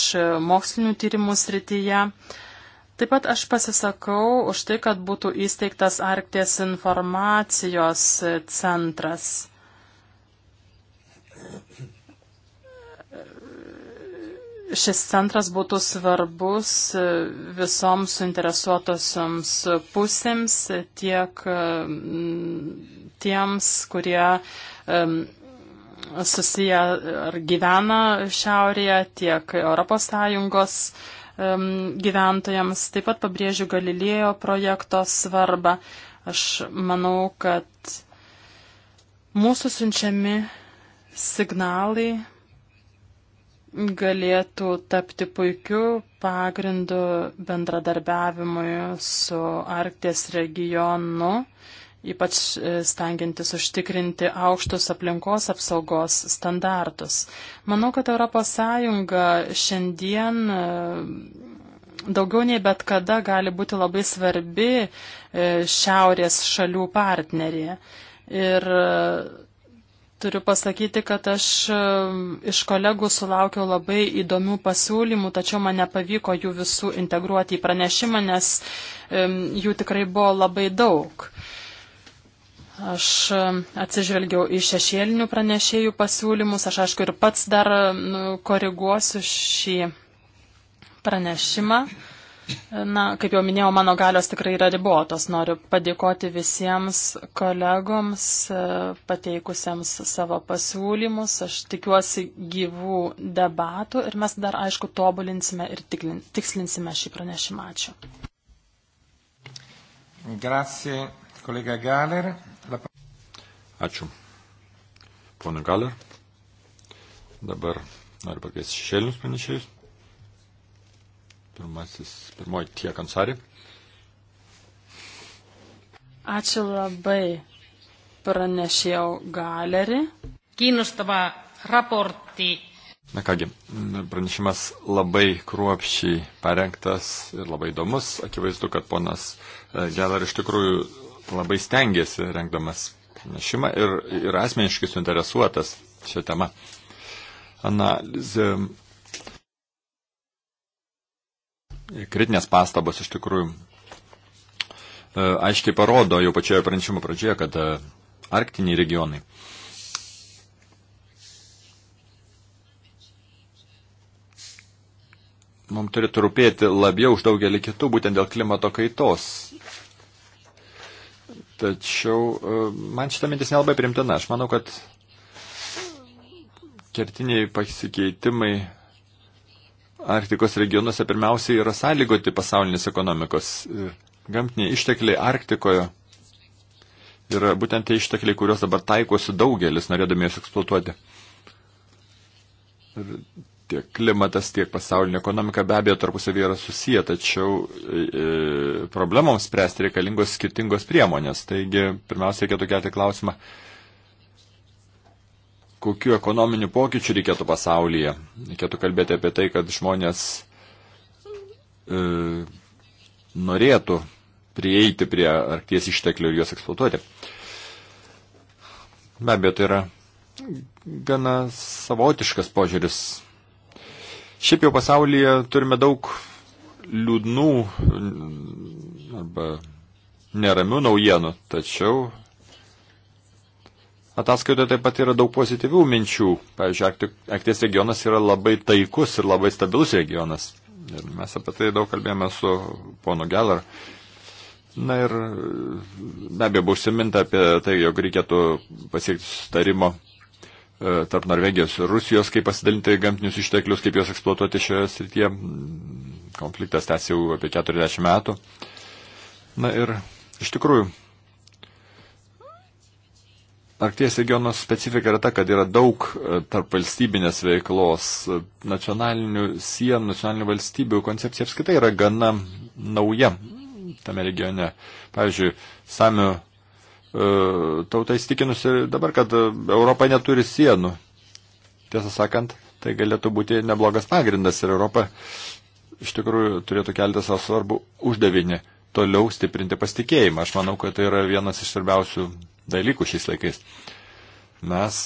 mokslinių tyrimų srityje. Taip pat aš pasisakau už tai, kad būtų įsteigtas Arkties informacijos centras. šis centras būtų svarbus e, visoms suinteresuotosioms pusėms, tiek e, tiems, kurie e, susiję ar gyvena Šiaurėje, tiek ES gyventojams. Taip pat pabrėžiu Galilėjo projekto svarbą. Aš manau, kad mūsų siunčiami signalai galėtų tapti puikiu pagrindu bendradarbiavimui su Arkties regionu, ypač e, stengiantis užtikrinti aukštus aplinkos apsaugos standartus. Manau, kad ES šiandien e, daugiau nei bet kada gali būti labai svarbi e, šiaurės šalių partnerė. Ir Turiu pasakyti, kad aš iš kolegų sulaukiau labai įdomių pasiūlymų, tačiau man nepavyko jų visų integruoti į pranešimą, nes jų tikrai buvo labai daug. Aš atsižvelgiau į šešėlinių pranešėjų pasiūlymus, aš aišku ir pats dar nu, koriguosiu šį pranešimą. Na, kaip jau minėjau, mano galios tikrai yra ribotos. Noriu padėkoti visiems kolegoms e, pateikusiems savo pasiūlymus. Aš tikiuosi gyvų debatų ir mes dar, aišku, tobulinsime ir tikslinsime šį pranešimą. Ačiū. Grazie, kolega Galer. La... Ačiū. Pone Galer. Dabar noriu pakviesti šešėlius pranešėjus. Pirmasis, pirmoji tiek ansari. Ačiū labai pranešėjau galerį. Kiinnostava raportti. Na kągi, pranešimas labai kruopščiai parengtas ir labai įdomus. Akivaizdu, kad ponas e, Gelar iš tikrųjų labai stengiasi rengdamas pranešimą ir, ir asmeniškai suinteresuotas šią temą. Analizė kritinės pastabos iš tikrųjų e, aiškiai parodo jau pačioje pranešimo pradžioje, kad e, arktiniai regionai mums turėtų rūpėti labiau už daugelį kitų, būtent dėl klimato kaitos. Tačiau e, man šitą mintis nelabai primtina. Aš manau, kad kertiniai pasikeitimai Arktikos regionuose pirmiausiai yra sąlygoti pasaulinės ekonomikos. Ir gamtiniai ištekliai Arktikoje yra būtent tie ištekliai, kuriuos dabar taikosi daugelis, norėdami juos eksploatuoti. Ir tiek klimatas, tiek pasaulinė ekonomika be abejo tarpusavį yra susiję, tačiau e, e, problemoms spręsti reikalingos skirtingos priemonės. Taigi, pirmiausia, reikėtų kelti klausimą, kokiu ekonominiu pokyčiu reikėtų pasaulyje. Reikėtų kalbėti apie tai, kad žmonės e, norėtų prieiti prie arkties išteklių ir juos eksploatuoti. Be abejo, tai yra gana savotiškas požiūris. Šiaip jau pasaulyje turime daug liūdnų arba neramių naujienų, tačiau Ataskaitoje taip pat yra daug pozityvių minčių. Pavyzdžiui, Arkties regionas yra labai taikus ir labai stabilus regionas. Ir mes apie tai daug kalbėjome su ponu Geller. Na ir be abejo buvo užsiminta apie tai, jog reikėtų pasiekti sustarimo e, tarp Norvegijos ir Rusijos, kaip pasidalinti gamtinius išteklius, kaip juos eksploatuoti šioje srityje. Konfliktas tęsiasi jau apie 40 metų. Na ir iš tikrųjų, Arkties regiono specifika yra ta, kad yra daug e, tarp valstybinės veiklos, e, nacionalinių sienų, nacionalinių valstybių koncepcija apskaitai yra gana nauja tame regione. Pavyzdžiui, samių e, tauta įstikinusi dabar, kad Europa neturi sienų. Tiesą sakant, tai galėtų būti neblogas pagrindas ir Europa iš tikrųjų turėtų kelti savo svarbų uždavinį toliau stiprinti pasitikėjimą. Aš manau, kad tai yra vienas iš svarbiausių dalykų šiais laikais. Mes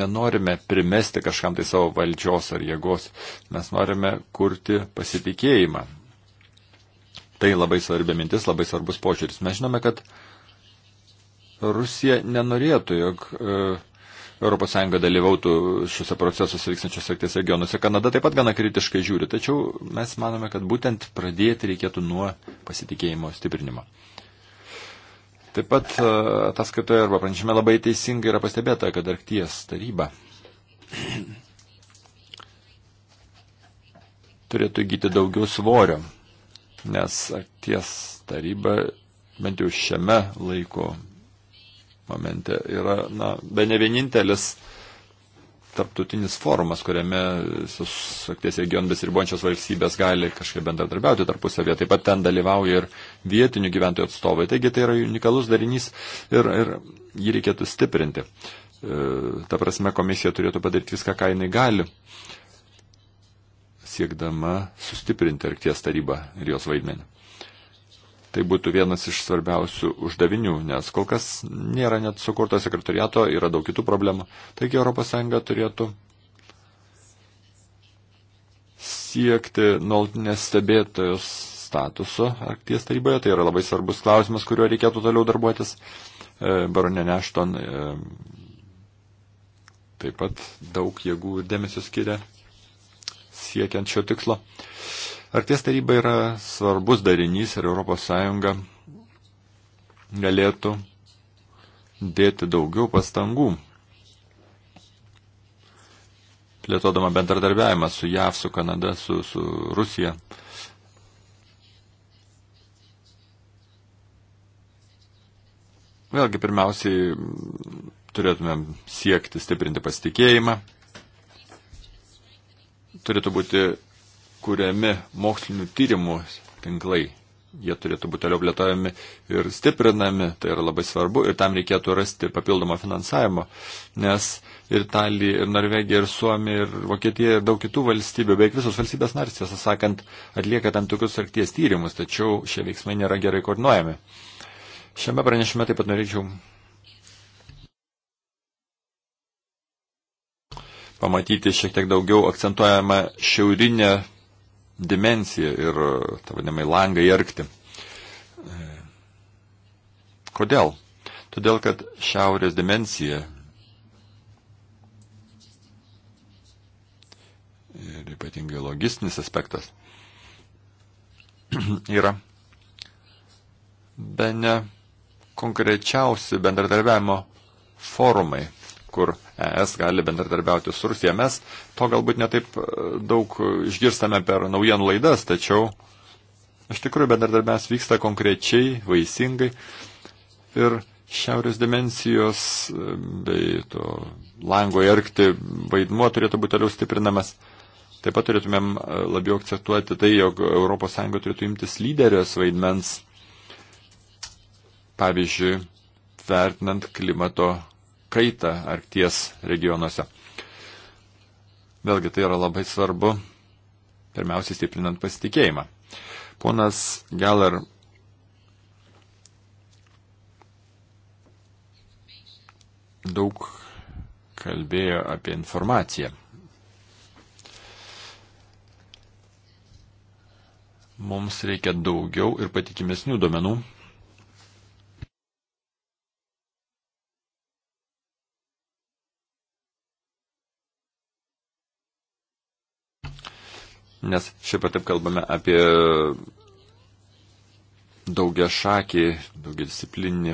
nenorime primesti kažkam tai savo valdžios ar jėgos, mes norime kurti pasitikėjimą. Tai labai svarbi mintis, labai svarbus požiūris. Mes žinome, kad Rusija nenorėtų, jog ES dalyvautų šiuose procesuose vykstančios arkties regionuose. Kanada taip pat gana kritiškai žiūri, tačiau mes manome, kad būtent pradėti reikėtų nuo pasitikėjimo stiprinimo. Taip pat e, ataskaitoje arba pranešime labai teisingai yra pastebėta, kad Arkties taryba turėtų įgyti daugiau svorio, nes Arkties taryba bent jau šiame laiko momente yra, na, be ne vienintelis uh, tarptautinis forumas, kuriame susakties region besiribuojančios valstybės gali kažkaip bendradarbiauti tarpusavėje. Taip pat ten dalyvauja ir vietinių gyventojų atstovai. Taigi tai yra unikalus darinys ir, ir jį reikėtų stiprinti. E, ta prasme, komisija turėtų padaryti viską, ką jinai gali, siekdama sustiprinti Arkties tarybą ir jos vaidmenį tai būtų vienas iš svarbiausių uždavinių, nes kol kas nėra net sukurto sekretariato, yra daug kitų problemų. Taigi ES turėtų siekti nuolatinės stebėtojos statuso Arkties taryboje. Tai yra labai svarbus klausimas, kuriuo reikėtų toliau darbuotis. E, Baronė Nešton e, taip pat daug jėgų ir dėmesio skiria siekiant šio tikslo. Arties taryba yra svarbus darinys ir ES galėtų dėti daugiau pastangų, plėtodama bendradarbiavimą su JAV, su Kanada, su, su Rusija. Vėlgi, pirmiausiai turėtumėm siekti stiprinti pasitikėjimą. Turėtų būti kuriami mokslinių tyrimų tinklai. Jie turėtų būti toliau plėtojami ir stiprinami, tai yra labai svarbu ir tam reikėtų rasti papildomą finansavimą, nes ir Italija, ir Norvegija, ir Suomija, ir Vokietija, ir daug kitų valstybių, beveik visos valstybės narės, tiesą sakant, atlieka tam tikrus arkties tyrimus, tačiau šie veiksmai nėra gerai koordinuojami. Šiame pranešime taip pat norėčiau pamatyti šiek tiek daugiau akcentuojama šiaurinė dimensiją ir, e, tą vadinamai, langą į arkti. E, kodėl? Todėl, kad šiaurės dimensija ir ypatingai logistinis aspektas yra be ne konkrečiausi bendradarbiavimo formai kur ES gali bendradarbiauti su Rusija. Mes to galbūt netaip e, daug išgirstame per naujienų laidas, tačiau iš tikrųjų bendradarbiavimas vyksta konkrečiai, vaisingai. Ir šiaurės dimensijos e, bei to lango į arkti vaidmuo turėtų būti toliau stiprinamas. Taip pat turėtumėm e, labiau akcentuoti tai, jog ES turėtų imtis lyderės vaidmens, pavyzdžiui, vertinant klimato kaitą Arkties regionuose. Vėlgi tai yra labai svarbu, pirmiausiai stiprinant pasitikėjimą. Ponas Galer daug kalbėjo apie informaciją. Mums reikia daugiau ir patikimesnių duomenų nes šiaip ar taip kalbame apie daugia šakį, daugia disciplininį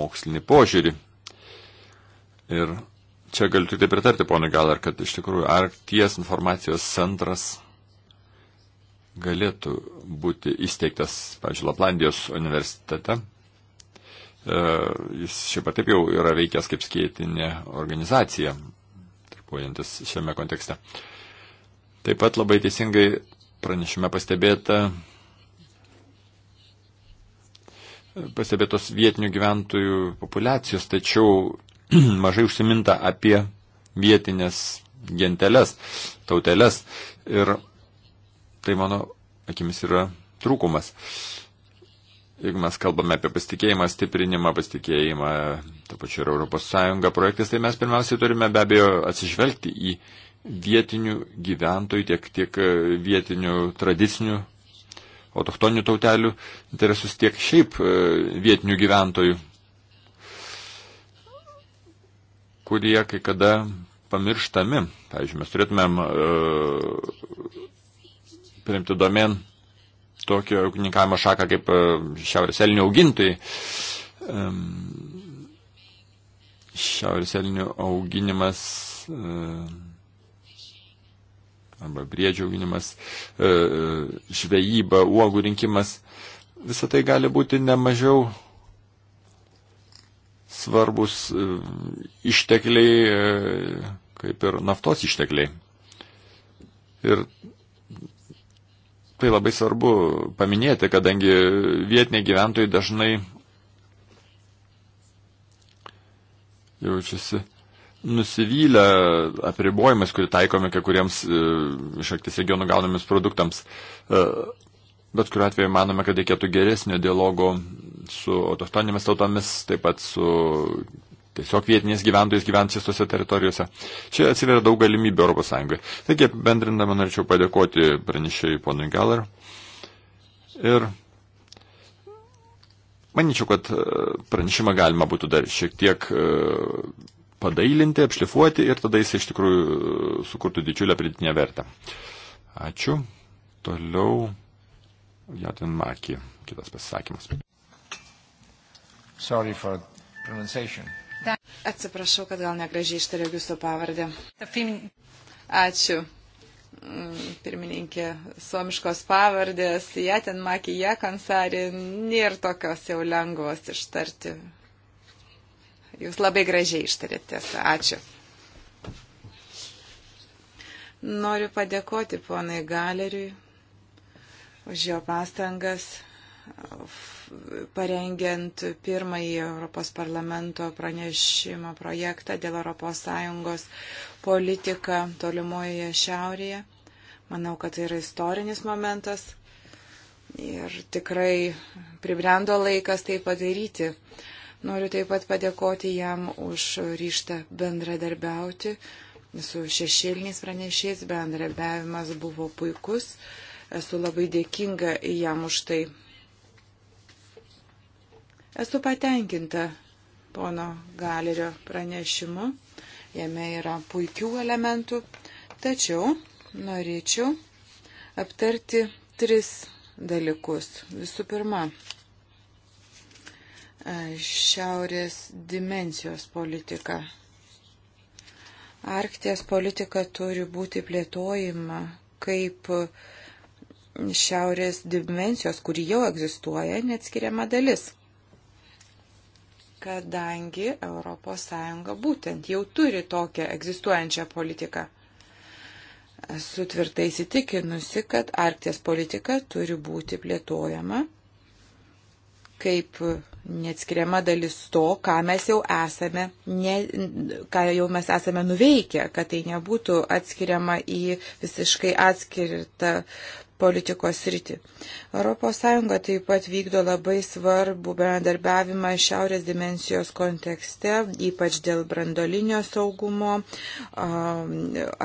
mokslinį požiūrį. Ir čia galiu tik tai pritarti, ponai Galar, kad iš tikrųjų Arkties informacijos centras galėtų būti įsteigtas, pavyzdžiui, Laplandijos universitete. E, jis šiaip ar taip jau yra veikęs kaip skėtinė organizacija, tarpuojantis šiame kontekste. Uh, Taip pat labai teisingai pranešime pastebėta pastebėtos vietinių gyventojų populiacijos, tačiau mažai užsiminta apie vietinės genteles, tauteles. Ir tai mano akimis yra trūkumas. Jeigu mes kalbame apie pasitikėjimą, stiprinimą, pasitikėjimą, to pačiu ir Europos Sąjunga projektais, tai mes pirmiausiai turime be abejo atsižvelgti į vietinių gyventojų, tiek, tiek e, vietinių tradicinių, autochtoninių tautelių interesus, tiek šiaip e, vietinių gyventojų, kurie kai kada pamirštami. Pavyzdžiui, mes turėtumėm uh, priimti domen tokio ūkininkavimo šaką kaip uh, šiaurės elnių augintojai. Um, šiaurės elnių auginimas uh, arba briedžių auginimas, e, e, žvejyba, uogų rinkimas, visą tai gali būti nemažiau svarbus e, ištekliai, kaip ir naftos ištekliai. Ir tai labai svarbu paminėti, kadangi vietiniai gyventojai dažnai jaučiasi nusivylę apribojimais, kurį taikome kai kuriems e, iš aktis regionų gaunamis produktams. E, bet kuriuo atveju manome, kad reikėtų geresnio dialogo su autochtoninėmis tautomis, taip pat su tiesiog vietiniais gyventojais gyvenčiais tose teritorijose. Čia atsiveria daug galimybių Europos Sąjungai. Taigi, bendrindama, norėčiau padėkoti pranešėjai ponui Galler. Ir manyčiau, kad e, pranešimą galima būtų dar šiek tiek padailinti, apšlifuoti ir tada jis iš tikrųjų e, sukurtų didžiulę pridėtinę vertę. Ačiū. Toliau Jatin Maki, kitas pasisakymas. Sorry for pronunciation. Da, atsiprašau, kad gal negražiai ištariau jūsų pavardę. Ačiū. Mm, pirmininkė, suomiškos pavardės, Jatin Maki, Jekansari, nėra tokios jau lengvos ištarti Jūs labai gražiai ištarėte. Ačiū. Noriu padėkoti ponai Galeriui už jo pastangas parengiant pirmąjį Europos parlamento pranešimo projektą dėl ES politiką tolimoje šiaurėje. Manau, kad tai yra istorinis momentas ir tikrai pribrendo laikas tai padaryti. Uh, Noriu taip pat padėkoti jam už ryštą bendradarbiauti su šešėliniais pranešiais. Bendradarbiavimas buvo puikus. Esu labai dėkinga jam už tai. Esu patenkinta pono Galerio pranešimu. Jame yra puikių elementų. Tačiau norėčiau aptarti tris dalykus. Visų pirma, šiaurės dimensijos politika. Arkties politika turi būti plėtojama kaip šiaurės dimensijos, kuri jau egzistuoja, neatskiriama dalis. Kadangi ES būtent jau turi tokią egzistuojančią politiką. Esu tvirtai įsitikinusi, kad Arkties politika turi būti plėtojama kaip neatskiriama dalis to, ką mes jau esame, ne, ką jau mes esame nuveikę, kad tai nebūtų atskiriama į visiškai atskirtą politikos sritį. ES taip pat vykdo labai svarbų bendarbiavimą šiaurės dimensijos kontekste, ypač dėl brandolinio saugumo,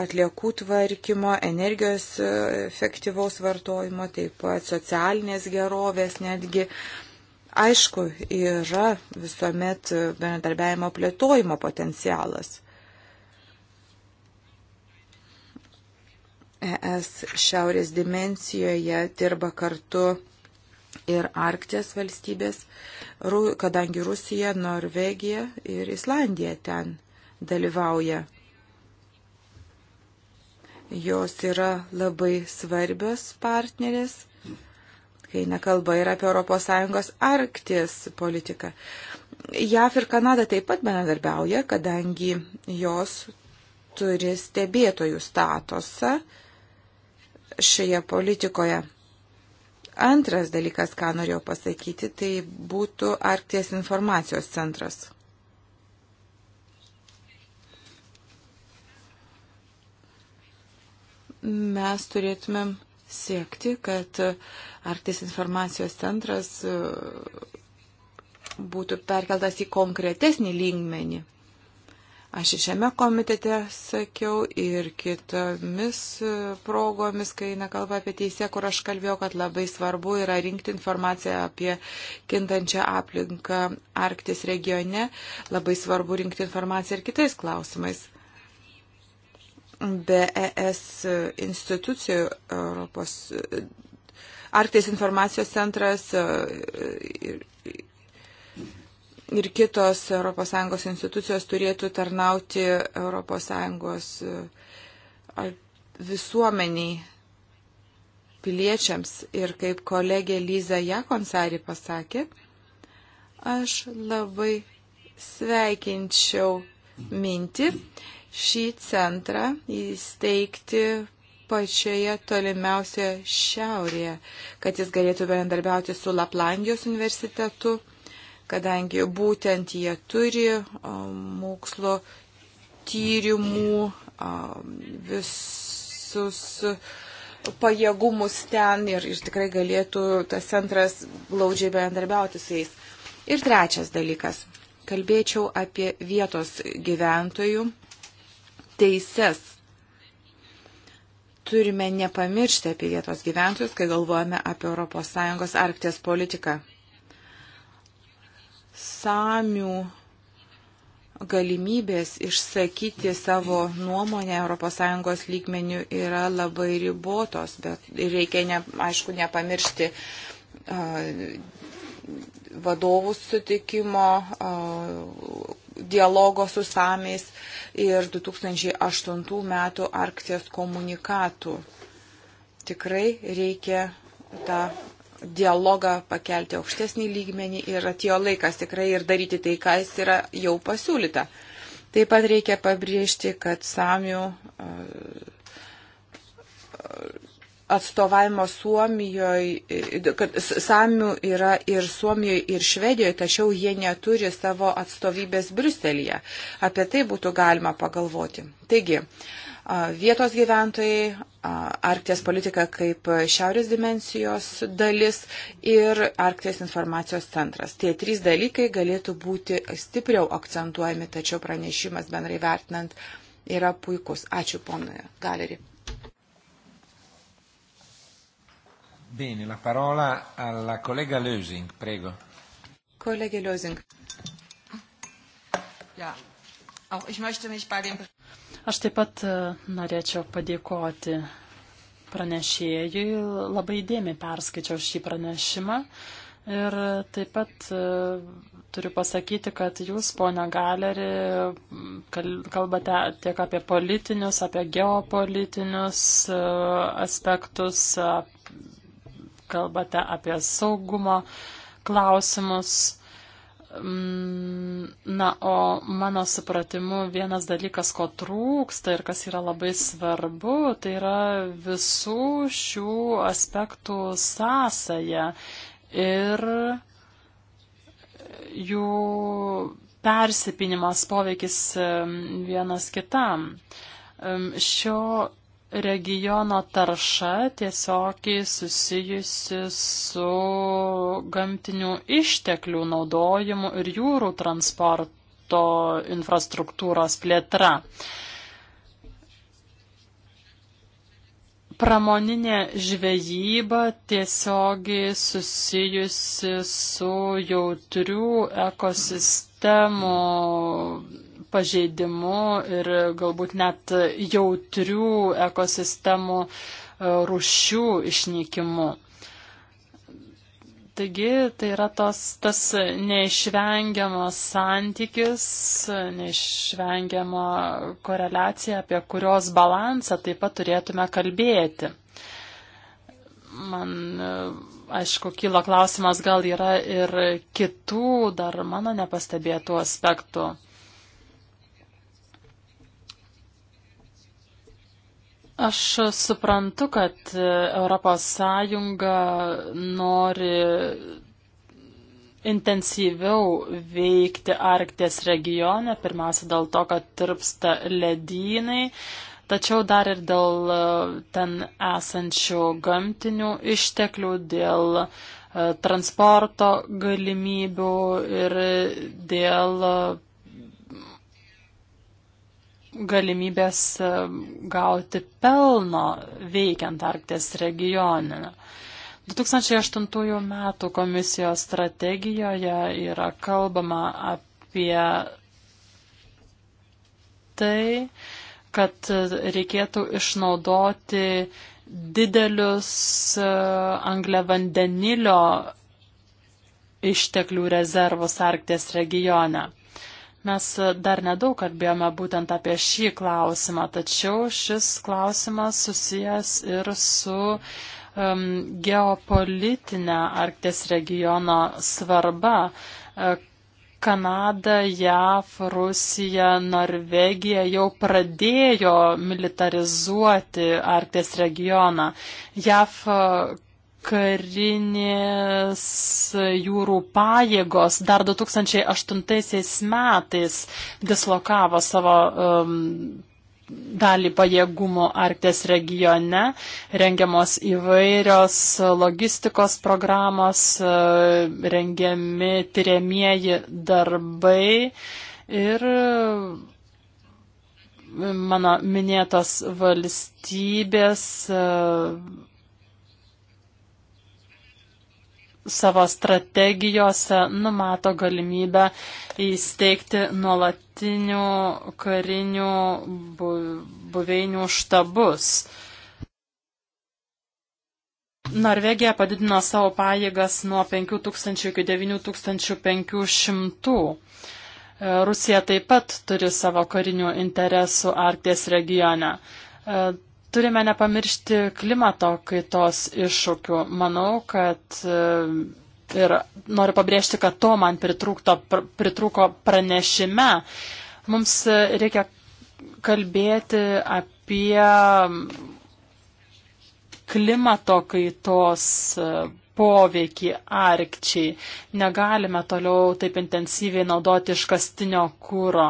atliekų tvarkymo, energijos e, efektyvaus vartojimo, taip pat socialinės gerovės netgi. Uh, aišku, yra visuomet bendradarbiavimo plėtojimo potencialas. ES šiaurės dimencijoje dirba kartu ir Arktės valstybės, kadangi Rusija, Norvegija ir Islandija ten dalyvauja. Jos yra labai svarbios partnerės kai nekalba ir apie ES Arktis politiką. JAF ir Kanada taip pat bendradarbiauja, kadangi jos turi stebėtojų statusą šioje politikoje. Antras dalykas, ką norėjau pasakyti, tai būtų Arkties informacijos centras. Mes turėtumėm siekti, kad Arktis informacijos centras e, būtų perkeltas į konkretesnį lygmenį. Aš ir šiame komitete sakiau ir kitomis e, progomis, kai eina kalba apie teisę, kur aš kalbėjau, kad labai svarbu yra rinkti informaciją apie kintančią aplinką Arktis regione, labai svarbu rinkti informaciją ir kitais klausimais be ES institucijų Europos Arktis informacijos centras e, ir, ir kitos ES institucijos turėtų tarnauti ES e, visuomeniai piliečiams. Ir kaip kolegė Lyza Jakonsari pasakė, aš labai sveikinčiau mintį, šį centrą įsteigti pačioje tolimiausioje šiaurėje, kad jis galėtų bendarbiauti su Laplandijos universitetu, kadangi būtent jie turi mokslo tyrimų visus pajėgumus ten ir, ir tikrai galėtų tas centras glaudžiai bendarbiauti su jais. Ir trečias dalykas. Kalbėčiau apie vietos gyventojų teises. Turime nepamiršti apie vietos gyventojus, kai galvojame apie ES Arkties politiką. Samių galimybės išsakyti savo nuomonę ES lygmenių yra labai ribotos, bet reikia, ne, aišku, nepamiršti uh, vadovų sutikimo, uh, dialogo su samiais ir 2008 metų Arkties komunikatų. Tikrai reikia tą dialogą pakelti aukštesnį lygmenį ir atėjo laikas tikrai ir daryti tai, kas yra jau pasiūlyta. Taip pat reikia pabrėžti, kad samių atstovavimo Suomijoje, kad Samių yra ir Suomijoje, ir Švedijoje, tačiau jie neturi savo atstovybės Bruselėje. Apie tai būtų galima pagalvoti. Taigi, vietos gyventojai, Arkties politika kaip šiaurės dimensijos dalis ir Arkties informacijos centras. Tie trys dalykai galėtų būti stipriau akcentuojami, tačiau pranešimas bendrai vertinant yra puikus. Ačiū ponui Galerį. Bene, la parola alla collega Lösing, prego. Kollegin Lösing. Ja, auch ich möchte mich bei dem... Aš taip pat e, norėčiau padėkoti pranešėjui, labai dėmiai perskaičiau šį pranešimą. Ir taip pat e, turiu pasakyti, kad jūs, ponia Galeri, kalbate tiek apie politinius, apie geopolitinius e, aspektus, kalbate apie saugumo klausimus. Mm, na, o mano supratimu vienas dalykas, ko trūksta ir kas yra labai svarbu, tai yra visų šių aspektų sąsaja ir jų persipinimas poveikis mm, vienas kitam. Mm, šio regiono tarša tiesiogiai susijusi su gamtinių išteklių naudojimu ir jūrų transporto infrastruktūros plėtra. pramoninė žvejyba tiesiogiai susijusi su jautrių ekosistemų pažeidimu ir galbūt net jautrių ekosistemų e, rušių išnykimu. Taigi tai yra tos, tas neišvengiamas santykis, neišvengiama koreliacija, apie kurios balansą taip pat turėtume kalbėti. Man aišku, kyla klausimas, gal yra ir kitų dar mano nepastebėtų aspektų. Aš suprantu, kad ES nori intensyviau veikti Arkties regione, pirmiausia dėl to, kad tirpsta ledynai, tačiau dar ir dėl e, ten esančių gamtinių išteklių, dėl e, transporto galimybių ir dėl galimybės e, gauti pelno veikiant Arkties regioninę. 2008 metų komisijos strategijoje yra kalbama apie tai, kad reikėtų išnaudoti didelius e, angliavandenilio išteklių rezervus Arkties regione. Mes dar nedaug kalbėjome būtent apie šį klausimą, tačiau šis klausimas susijęs ir su um, geopolitinė Arkties regiono svarba. Uh, Kanada, JAV, Rusija, Norvegija jau pradėjo militarizuoti Arkties regioną. JAV karinės jūrų pajėgos dar 2008 metais dislokavo savo um, dalį pajėgumų Arktės regione, rengiamos įvairios logistikos programos, uh, rengiami tyriamieji darbai ir uh, mano minėtos valstybės uh, savo strategijose numato galimybę įsteigti nuolatinių karinių buveinių štabus. Norvegija padidino savo pajėgas nuo 5000 iki 9500. E, Rusija taip pat turi savo karinių interesų Arkties regione. E, Turime nepamiršti klimato kaitos iššūkių. Manau, kad e, ir noriu pabrėžti, kad to man pritrūkto, pr pritrūko pranešime. Mums reikia kalbėti apie klimato kaitos e, poveikį arkčiai. Negalime toliau taip intensyviai naudoti iškastinio kūro.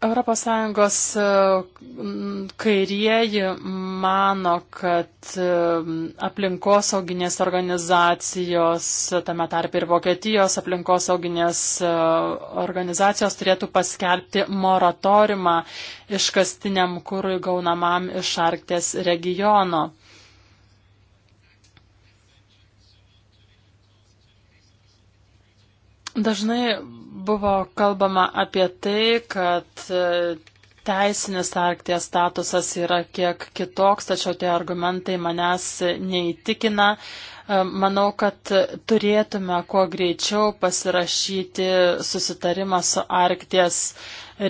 ES e, kairieji mano, kad e, aplinkosauginės organizacijos, tame tarp ir Vokietijos aplinkosauginės e, organizacijos turėtų paskelbti moratoriumą iškastiniam kūrui gaunamam iš Arkties regiono. Dažnai Buvo kalbama apie tai, kad e, teisinis Arkties statusas yra kiek kitoks, tačiau tie argumentai manęs neįtikina. E, manau, kad turėtume kuo greičiau pasirašyti susitarimą su Arkties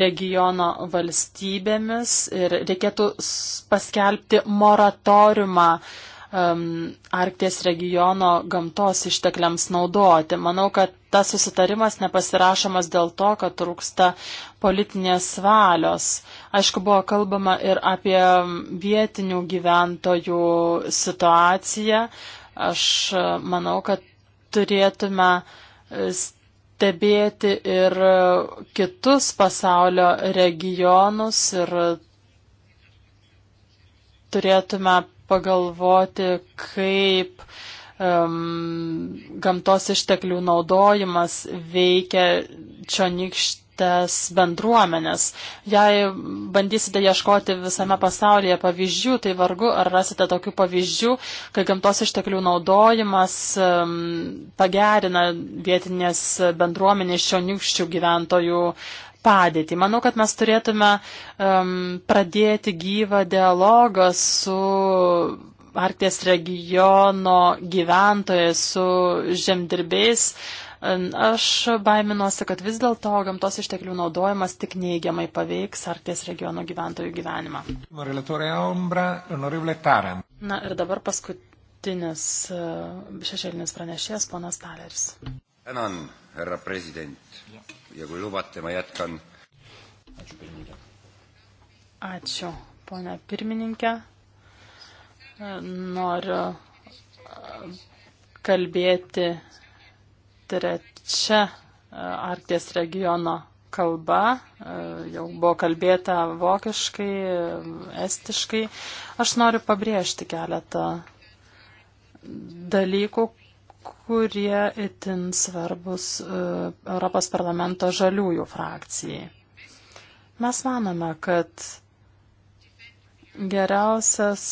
regiono valstybėmis ir reikėtų paskelbti moratoriumą uh, um, Arkties regiono gamtos ištekliams naudoti. Manau, kad tas susitarimas nepasirašomas dėl to, kad trūksta politinės valios. Aišku, buvo kalbama ir apie vietinių gyventojų situaciją. Aš e, manau, kad turėtume e, stebėti ir e, kitus pasaulio regionus ir turėtume pagalvoti, kaip um, gamtos išteklių naudojimas veikia čionykštį tas bendruomenės. Jei bandysite ieškoti visame pasaulyje pavyzdžių, tai vargu ar rasite tokių pavyzdžių, kai gamtos išteklių naudojimas pagerina vietinės bendruomenės šioniukščių gyventojų padėtį. Manau, kad mes turėtume um, pradėti gyvą dialogą su Arkties regiono gyventojais, su žemdirbiais. Aš baiminuosi, kad vis dėlto gamtos išteklių naudojimas tik neigiamai paveiks Arkties regiono gyventojų gyvenimą. Na ir dabar paskutinis uh, šešėlinis pranešėjas, ponas Taleris. Enan, herra prezident. Ja jeigu liuvate, ma jätkan. Ačiū pirmininkė. Ačiū, ponia pirmininkė. Noriu e, kalbėti trečia e, Arkties regiono kalba, e, jau buvo kalbėta vokiškai, estiškai. Aš noriu pabrėžti keletą dalykų, kurie itin svarbus e, Europos parlamento žaliųjų frakcijai. Mes manome, kad geriausias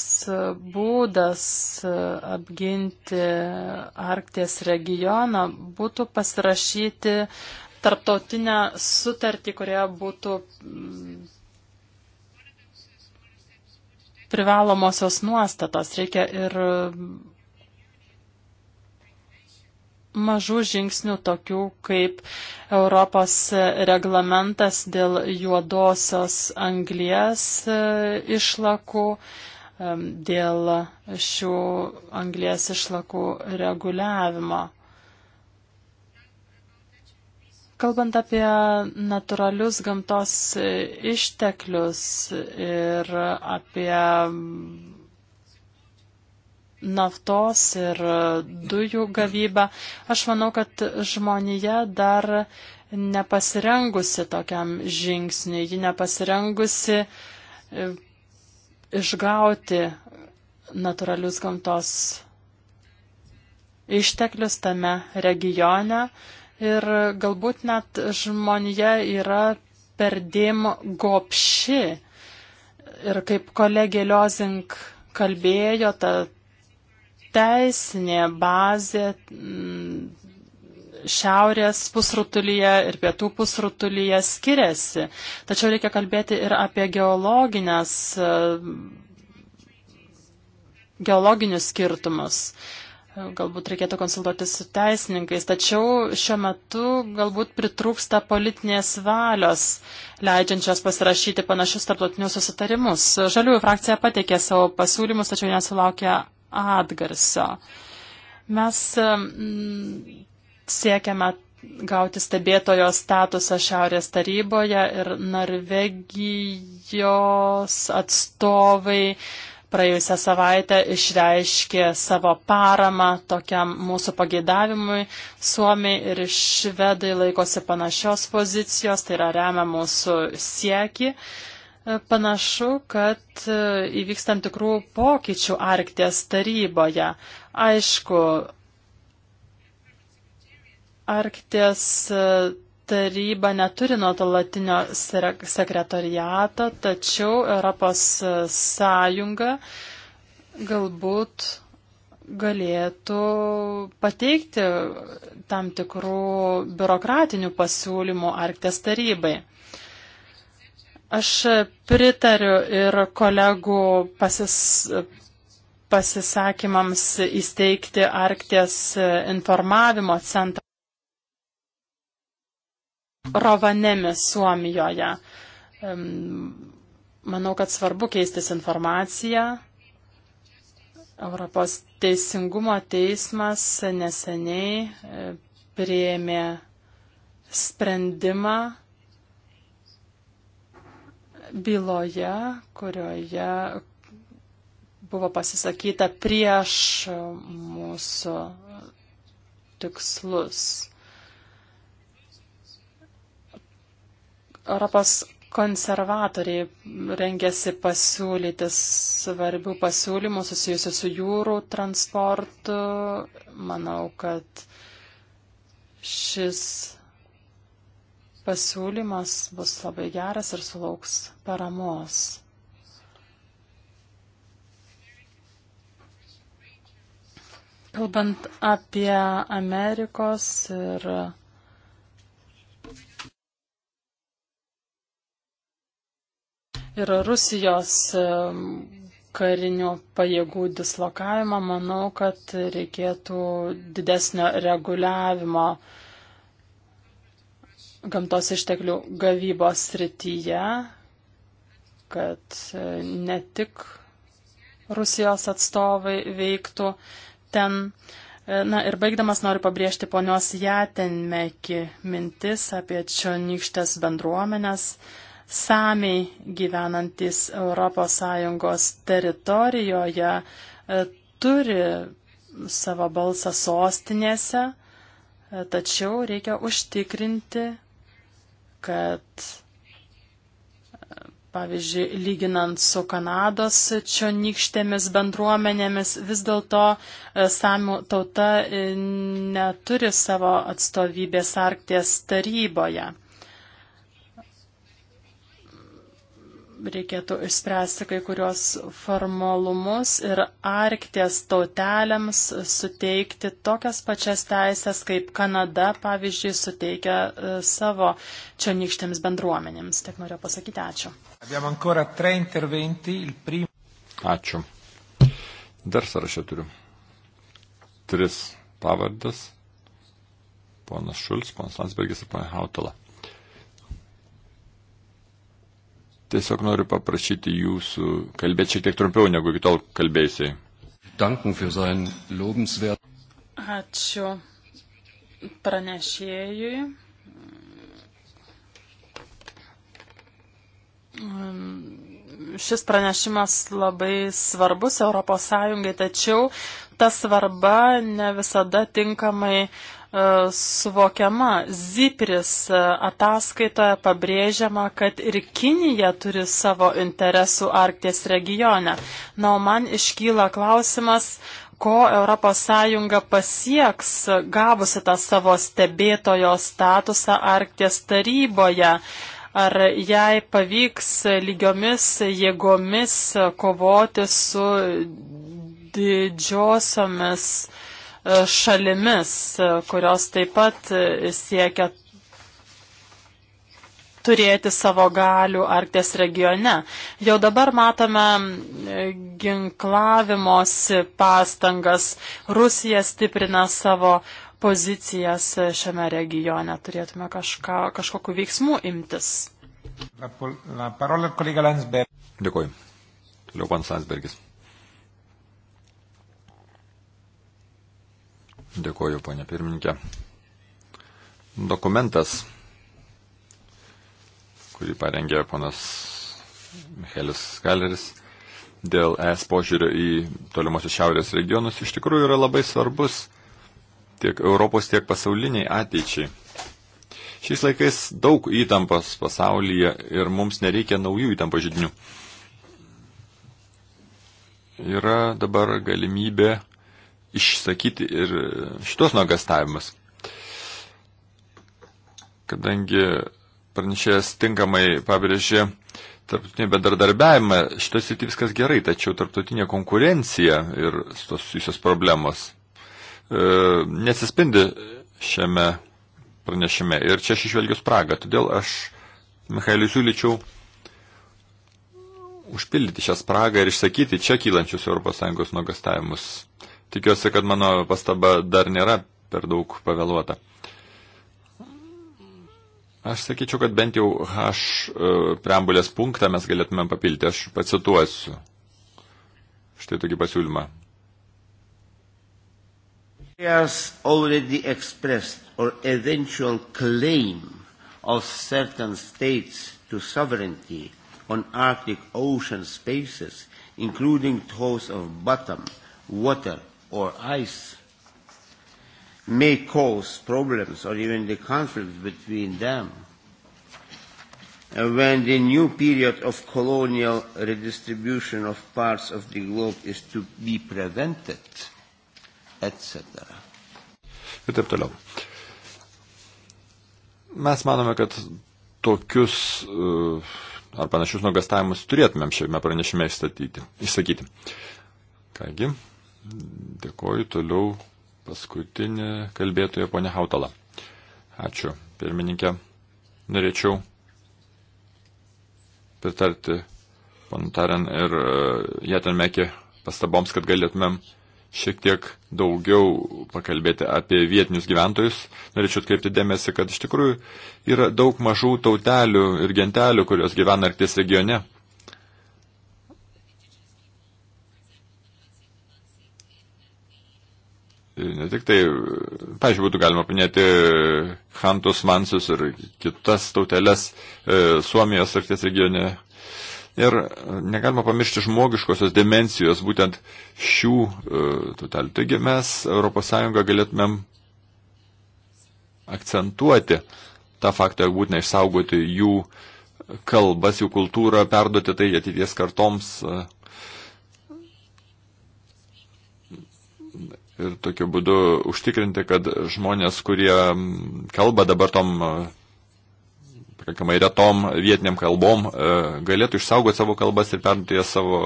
būdas e, apginti Arkties regioną būtų pasirašyti tarptautinę sutartį, kurioje būtų mm, privalomosios nuostatos. Reikia ir mažų žingsnių, tokių kaip Europos reglamentas dėl juodosios anglies e, išlakų, dėl šių anglies išlakų reguliavimo. Kalbant apie natūralius gamtos išteklius ir apie naftos ir e, dujų gavybą. Aš manau, kad žmonija dar nepasirengusi tokiam žingsniui, ji nepasirengusi e, išgauti natūralius gamtos išteklius tame regione ir galbūt net žmonija yra perdėm gopši. Ir kaip kolegė Liozink kalbėjo, ta teisinė bazė mm, šiaurės pusrutulyje ir pietų pusrutulyje skiriasi. Tačiau reikia kalbėti ir apie geologinės, e, geologinius skirtumus. Galbūt reikėtų konsultuoti su teisininkais, tačiau šiuo metu galbūt pritrūksta politinės valios, leidžiančios pasirašyti panašius tarptautinius susitarimus. Žaliųjų frakcija pateikė savo pasiūlymus, tačiau nesulaukė atgarsio. Mes siekiame gauti stebėtojo statusą Šiaurės taryboje ir Norvegijos atstovai praėjusią savaitę išreiškė savo paramą tokiam mūsų pageidavimui. Suomiai ir švedai laikosi panašios pozicijos, tai yra remia mūsų sieki. Uh, Panašu, kad e, įvyks tam tikrų pokyčių Arkties taryboje. Aišku, Arkties e, taryba neturi nuotolatinio sekretariato, tačiau Europos e, Sąjunga galbūt galėtų pateikti tam tikrų biurokratinių pasiūlymų Arkties tarybai. Aš pritariu ir kolegų pasis, pasisakymams įsteigti Arkties informavimo centrą Rovanemi Suomijoje. Manau, kad svarbu keistis informaciją. Europos teisingumo teismas neseniai e, prieėmė sprendimą byloje, kurioje buvo pasisakyta prieš mūsų tikslus. Europos konservatoriai rengėsi pasiūlyti svarbių pasiūlymų susijusių su jūrų transportu. Manau, kad šis pasiūlymas bus labai geras ir sulauks paramos. Kalbant apie Amerikos ir ir Rusijos karinių pajėgų dislokavimą, manau, kad reikėtų didesnio reguliavimo gamtos išteklių gavybos srityje, kad e, ne tik Rusijos atstovai veiktų ten. E, na ir baigdamas noriu pabrėžti ponios Jatenmeki mintis apie čionykštės bendruomenės. Samiai gyvenantis ES teritorijoje e, turi savo balsą sostinėse, tačiau reikia užtikrinti, kad pavyzdžiui, lyginant su Kanados čionykštėmis bendruomenėmis, vis dėlto e, samių tauta e, neturi savo atstovybės Arkties taryboje. reikėtų išspręsti kai kurios formalumus ir Arkties tautelėms suteikti tokias pačias teisės, kaip Kanada, pavyzdžiui, suteikia e, savo čia nykštėms bendruomenėms. Tiek noriu pasakyti ačiū. Ačiū. Dar sąrašę turiu. Tris pavardas. Ponas Šulc, ponas Landsbergis ir ponas Hautala. Tiesiog noriu paprašyti jūsų kalbėti šiek tiek trumpiau negu iki tol kalbėjusiai. Ačiū pranešėjui. Šis pranešimas labai svarbus ES, tačiau ta svarba ne visada tinkamai uh, E, suvokiama. Zipris e, ataskaitoje pabrėžiama, kad ir Kinija turi savo interesų Arkties regione. Na, o man iškyla klausimas, ko ES pasieks e, gavusi tą savo stebėtojo statusą Arkties taryboje. Ar jai pavyks lygiomis jėgomis kovoti su didžiosiomis uh, šalimis, kurios taip pat siekia turėti savo galių Arkties regione. Jau dabar matome ginklavimosi pastangas. Rusija stiprina savo pozicijas šiame regione. Turėtume kažką, kažkokiu veiksmu imtis. La, la parola kolega Landsberg. Dėkuoju. Liupan Landsbergis. Dėkuoju, ponė pirmininkė. Dokumentas, kurį parengė ponas Michelis Skaleris dėl ES požiūrio į tolimosios šiaurės regionus, iš tikrųjų yra labai svarbus tiek Europos, tiek pasauliniai ateičiai. Šiais laikais daug įtampos pasaulyje ir mums nereikia naujų įtampos žydinių. Yra dabar galimybė išsakyti ir šitos nuogastavimus. Kadangi pranešėjas tinkamai pabrėžė tarptautinį bendradarbiavimą, šitos įti viskas gerai, tačiau tarptautinė konkurencija ir tos susijusios problemos e, nesispindi šiame pranešime. Ir čia aš išvelgiu spragą. Todėl aš Michaeliui siūlyčiau užpildyti šią spragą ir išsakyti čia kylančius ES nuogastavimus. Tikiuosi, kad mano pastaba dar nėra per daug pavėluota. Aš sakyčiau, kad bent jau H e, preambulės punktą mes galėtumėm papilti. Aš pacituosiu. Štai tokį pasiūlymą. already expressed or eventual claim of certain states to sovereignty on Arctic Ocean spaces, including those of bottom, water, or ice may cause problems or even the conflict between them. And when the new period of colonial redistribution of parts of the globe is to be prevented, etc. Ir taip toliau. Mes manome, kad tokius uh, ar panašius nuogastavimus turėtumėm šiame pranešime išstatyti, išsakyti. Kągi, Dėkoju toliau paskutinį kalbėtoją ponę Hautalą. Ačiū, pirmininkė. Norėčiau pritarti panutarian ir e, jatenmekį pastaboms, kad galėtumėm šiek tiek daugiau pakalbėti apie vietinius gyventojus. Norėčiau atkreipti dėmesį, kad iš tikrųjų yra daug mažų tautelių ir gentelių, kurios gyvena Arkties regione. ne tik tai, pažiūrėjau, būtų galima paminėti e, Hantus, Mansius ir kitas tauteles e, Suomijos arkties regione. Ir negalima pamiršti žmogiškosios dimensijos būtent šių e, tautelių. Taigi mes ES galėtumėm akcentuoti tą faktą, jog būtina išsaugoti jų kalbas, jų kultūrą, perduoti tai ateities kartoms. E, ir tokiu būdu užtikrinti, kad žmonės, kurie kalba dabar tom e, pakankamai retom vietiniam kalbom, e, galėtų išsaugoti savo kalbas ir perduoti jas savo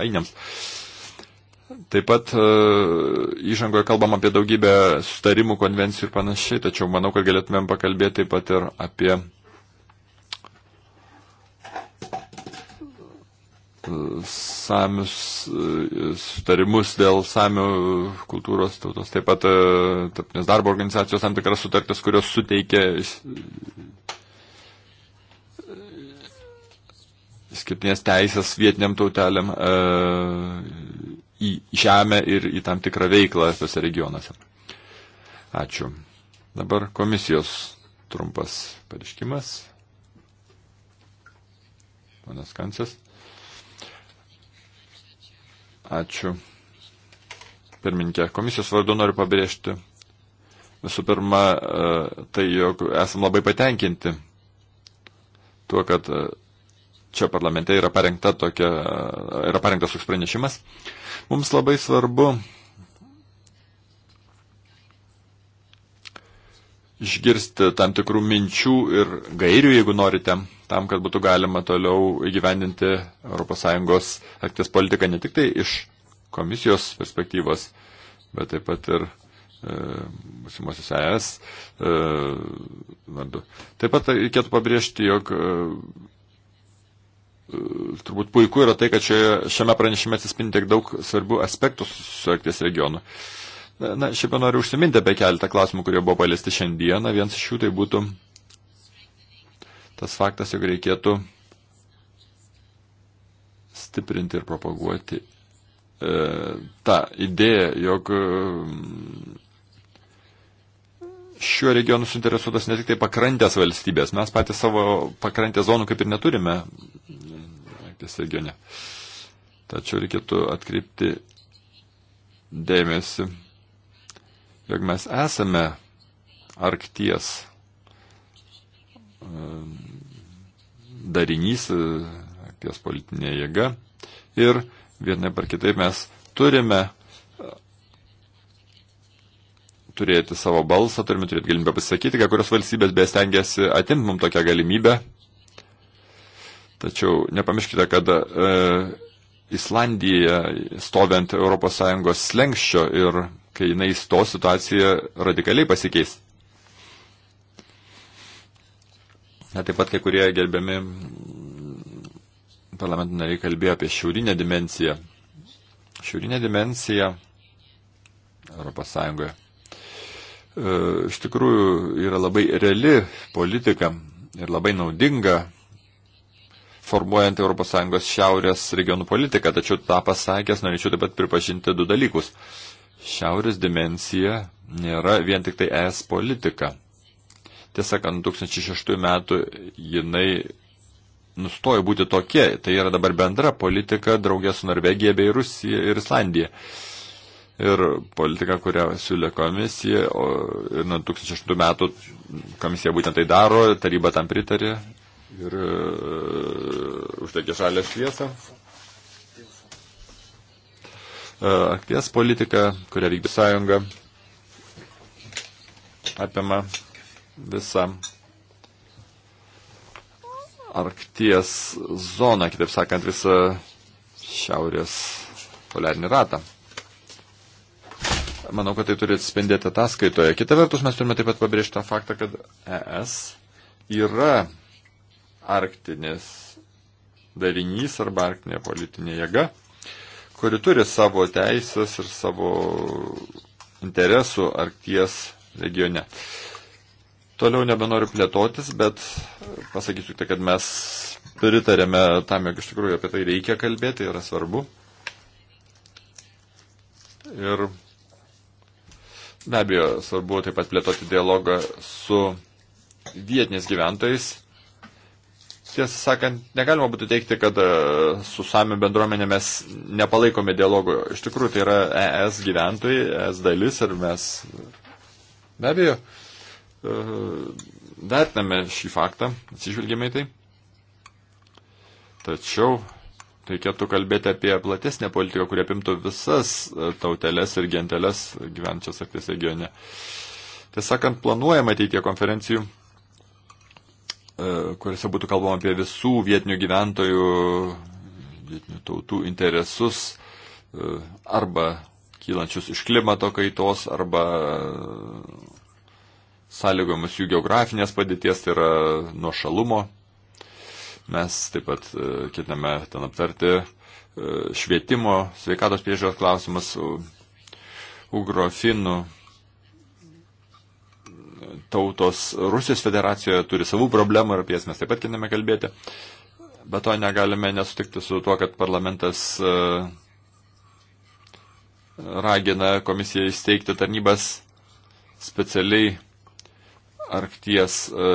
ainiams. Taip pat e, įžangoje kalbam apie daugybę sustarimų, konvencijų ir panašiai, tačiau manau, kad galėtumėm pakalbėti taip pat ir apie samius e, sutarimus dėl samių kultūros tautos, taip pat e, tarpinės darbo organizacijos tam tikras sutartis, kurios suteikia skirtinės teisės vietiniam tautelėm e, į žemę ir į tam tikrą veiklą tose regionuose. Ačiū. Dabar komisijos trumpas pareiškimas. Ponas Kancės. Ačiū. Pirminkė, komisijos vardu noriu pabrėžti visų pirma, e, tai jog esam labai patenkinti tuo, kad e, čia parlamente yra, parengta tokia, e, yra parengtas toks pranešimas. Mums labai svarbu išgirsti tam tikrų minčių ir gairių, jeigu norite, tam, kad būtų galima toliau įgyvendinti ES aktis politiką ne tik tai iš komisijos perspektyvos, bet taip pat ir e, būsimosios e, ES e, vardu. Taip pat reikėtų pabrėžti, jog e, e, turbūt puiku yra tai, kad šioje, šiame pranešime atsispindi tiek daug svarbių aspektų su Arkties regionu. E, Na, šiaip jau noriu užsiminti apie keletą klausimų, kurie buvo paliesti šiandieną. Vienas iš jų tai būtų tas faktas, jog reikėtų stiprinti ir propaguoti e, tą idėją, jog e, šiuo regionu suinteresuotas ne tik tai pakrantės valstybės, mes patys savo pakrantės zonų kaip ir neturime e, akis regione. Tačiau reikėtų atkreipti dėmesį jog mes esame arkties um, darinys, e, arkties politinė jėga ir vienai par kitaip mes turime e, turėti savo balsą, turime turėti galimybę pasisakyti, kai kurios valstybės bestengiasi atimti mums tokią galimybę. Tačiau nepamirškite, kad e, Islandija stovi ant ES slengščio ir kai jinai to situacija radikaliai pasikeis. Na, taip pat kai kurie gerbiami parlamentų nariai kalbėjo apie šiaurinę dimenciją. Šiaurinė dimensija Europos Sąjungoje. E, iš e, tikrųjų yra labai reali politika ir labai naudinga formuojant ES šiaurės regionų politiką, tačiau tą pasakęs norėčiau taip pat pripažinti du dalykus. E, šiaurės dimensija nėra vien tik tai ES politika. Tiesą sakant, 2006 metų jinai nustojo būti tokia. Tai yra dabar bendra politika draugė su Norvegija bei Rusija ir Islandija. Ir politika, kurią siūlė komisija, o, ir nuo 2006 metų komisija būtent tai daro, taryba tam pritarė ir uh, uždegė žalę šviesą. E, akties politika, kurią vykdo sąjunga, apima visą arkties zoną, kitaip sakant, visą šiaurės poliarinį ratą. Manau, kad tai turi atspindėti ataskaitoje. Kita vertus, mes turime taip pat pabrėžti tą faktą, kad ES yra arktinis darinys arba arktinė politinė jėga kuri turi savo teisės ir savo interesų Arkties regione. Toliau nebenoriu plėtotis, bet pasakysiu tik, kad mes pritarėme tam, jog iš tikrųjų apie tai reikia kalbėti, yra svarbu. Ir be abejo, svarbu taip pat plėtoti dialogą su vietiniais gyventojais tiesą sakant, negalima būtų teikti, kad e, su Samių bendruomenė mes nepalaikome dialogų. Iš tikrųjų, tai yra ES gyventojai, ES dalis ir mes be abejo e, vertiname šį faktą, atsižvelgėme į tai. Tačiau reikėtų kalbėti apie platesnę politiką, kurie apimtų visas e, tauteles ir genteles gyvenčias aktis regione. Tiesą sakant, planuojama ateitie konferencijų E, kuriuose būtų kalbama apie visų vietinių gyventojų, vietinių tautų interesus e, arba kylančius iš klimato kaitos arba sąlygomis jų geografinės padėties, tai yra nuošalumo. Mes taip pat e, ketiname ten aptarti švietimo, sveikatos priežiūros klausimas, ugrofinų tautos Rusijos federacijoje turi savų problemų ir apie jas mes taip pat kiname kalbėti. Bet to negalime nesutikti su tuo, kad parlamentas e, ragina komisiją įsteigti tarnybas specialiai arkties e,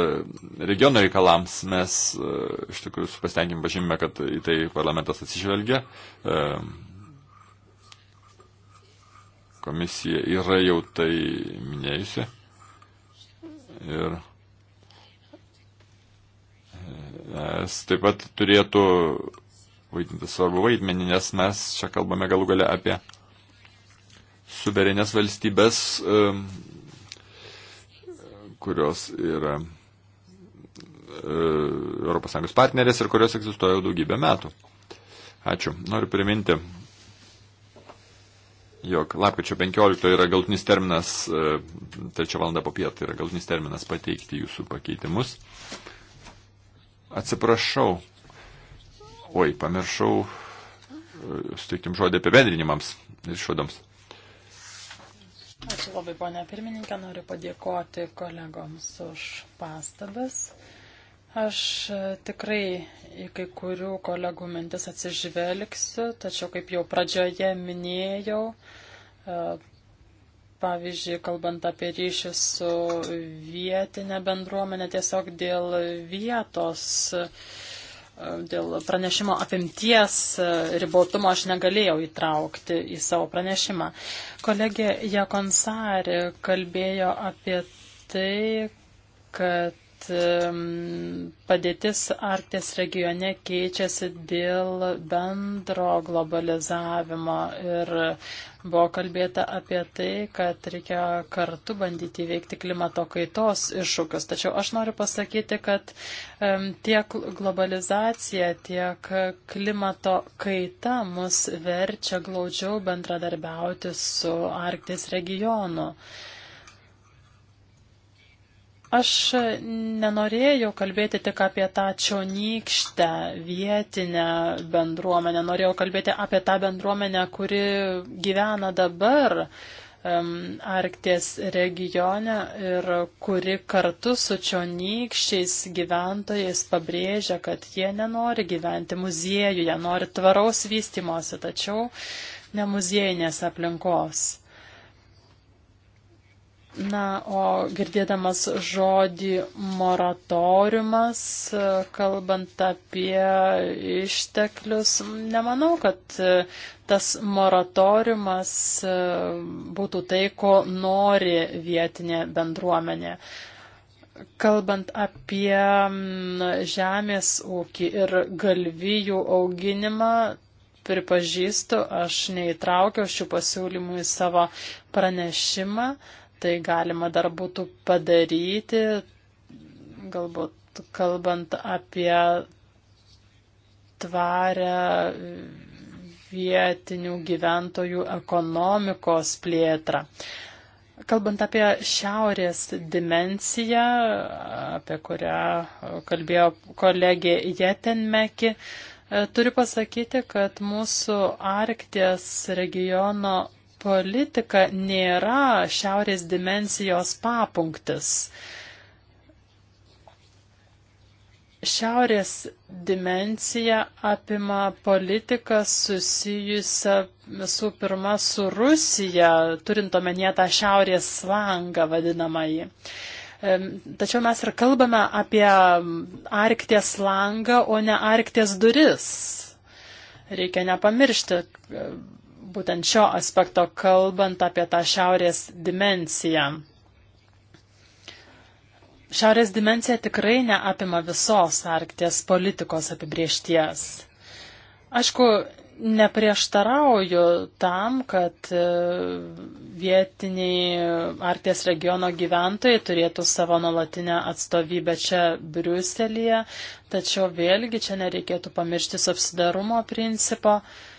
regiono reikalams. Mes e, iš tikrųjų su pasitenkinimu pažymime, kad į tai parlamentas atsižvelgia. Komisija yra jau tai minėjusi. Ir e, es taip pat turėtų vaidinti svarbu vaidmenį, nes mes čia kalbame galų gale apie suverenės valstybės, e, kurios yra ES partnerės ir kurios egzistuoja jau daugybę metų. Ačiū. Noriu priminti jog lapkričio 15 yra galtinis terminas, e, trečią valandą po pietą yra galtinis terminas pateikti jūsų pakeitimus. Atsiprašau. Oi, pamiršau, e, suteiktim žodį apibendrinimams ir išvadoms. Ačiū labai, ponia pirmininkė, noriu padėkoti kolegoms už pastabas. Aš e, tikrai į kai kurių kolegų mintis atsižvelgsiu, tačiau kaip jau pradžioje minėjau, e, pavyzdžiui, kalbant apie ryšį su vietinė bendruomenė, tiesiog dėl vietos, e, dėl pranešimo apimties ribotumo aš negalėjau įtraukti į savo pranešimą. Kolegė Jakonsari kalbėjo apie tai, kad padėtis Arkties regione keičiasi dėl bendro globalizavimo ir buvo kalbėta apie tai, kad reikia kartu bandyti įveikti klimato kaitos iššūkius. Tačiau aš noriu pasakyti, kad tiek globalizacija, tiek klimato kaita mus verčia glaudžiau bendradarbiauti su Arkties regionu. Aš nenorėjau kalbėti tik apie tą čionykštę vietinę bendruomenę, norėjau kalbėti apie tą bendruomenę, kuri gyvena dabar um, Arkties regione ir kuri kartu su čionykščiais gyventojais pabrėžia, kad jie nenori gyventi muziejuje, nori tvaraus vystimosi, tačiau ne muziejinės aplinkos. Na, o girdėdamas žodį moratoriumas, kalbant apie išteklius, nemanau, kad e, tas moratoriumas e, būtų tai, ko nori vietinė bendruomenė. Kalbant apie žemės ūkį ir galvijų auginimą, pripažįstu, aš neįtraukiau šių pasiūlymų į savo pranešimą. Uh, tai galima dar būtų padaryti, galbūt kalbant apie tvarę vietinių gyventojų ekonomikos plėtrą. Kalbant apie šiaurės dimenciją, apie kurią kalbėjo kolegė Jetenmeki, turiu pasakyti, kad mūsų Arkties regiono politika nėra šiaurės dimensijos papunktis. Šiaurės dimencija apima politiką susijusią visų pirma su Rusija, turint omenyje tą šiaurės slangą vadinamąjį. Tačiau mes ir kalbame apie Arktės langą, o ne Arktės duris. Reikia nepamiršti, būtent šio aspekto, kalbant apie tą šiaurės dimenciją. Šiaurės dimencija tikrai neapima visos Arkties politikos apibriešties. Aišku, neprieštarauju tam, kad e, vietiniai Arkties regiono gyventojai turėtų savo nuolatinę atstovybę čia Briuselėje, tačiau vėlgi čia nereikėtų pamiršti subsidarumo principo. Uh,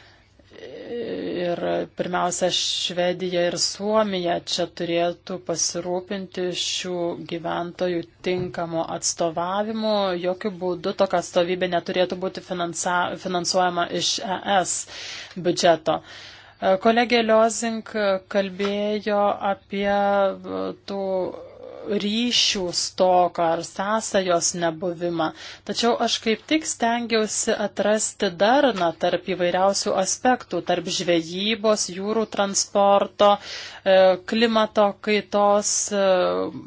ir pirmiausia Švedija ir Suomija čia turėtų pasirūpinti šių gyventojų tinkamu atstovavimu. Jokių būdų tokia atstovybė neturėtų būti finansa, finansuojama iš ES biudžeto. Kolegė Liozink kalbėjo apie tų ryšių stoką ar sąsajos nebuvimą. Tačiau aš kaip tik stengiausi atrasti darną tarp įvairiausių aspektų, tarp žvejybos, jūrų transporto, e, klimato kaitos, e,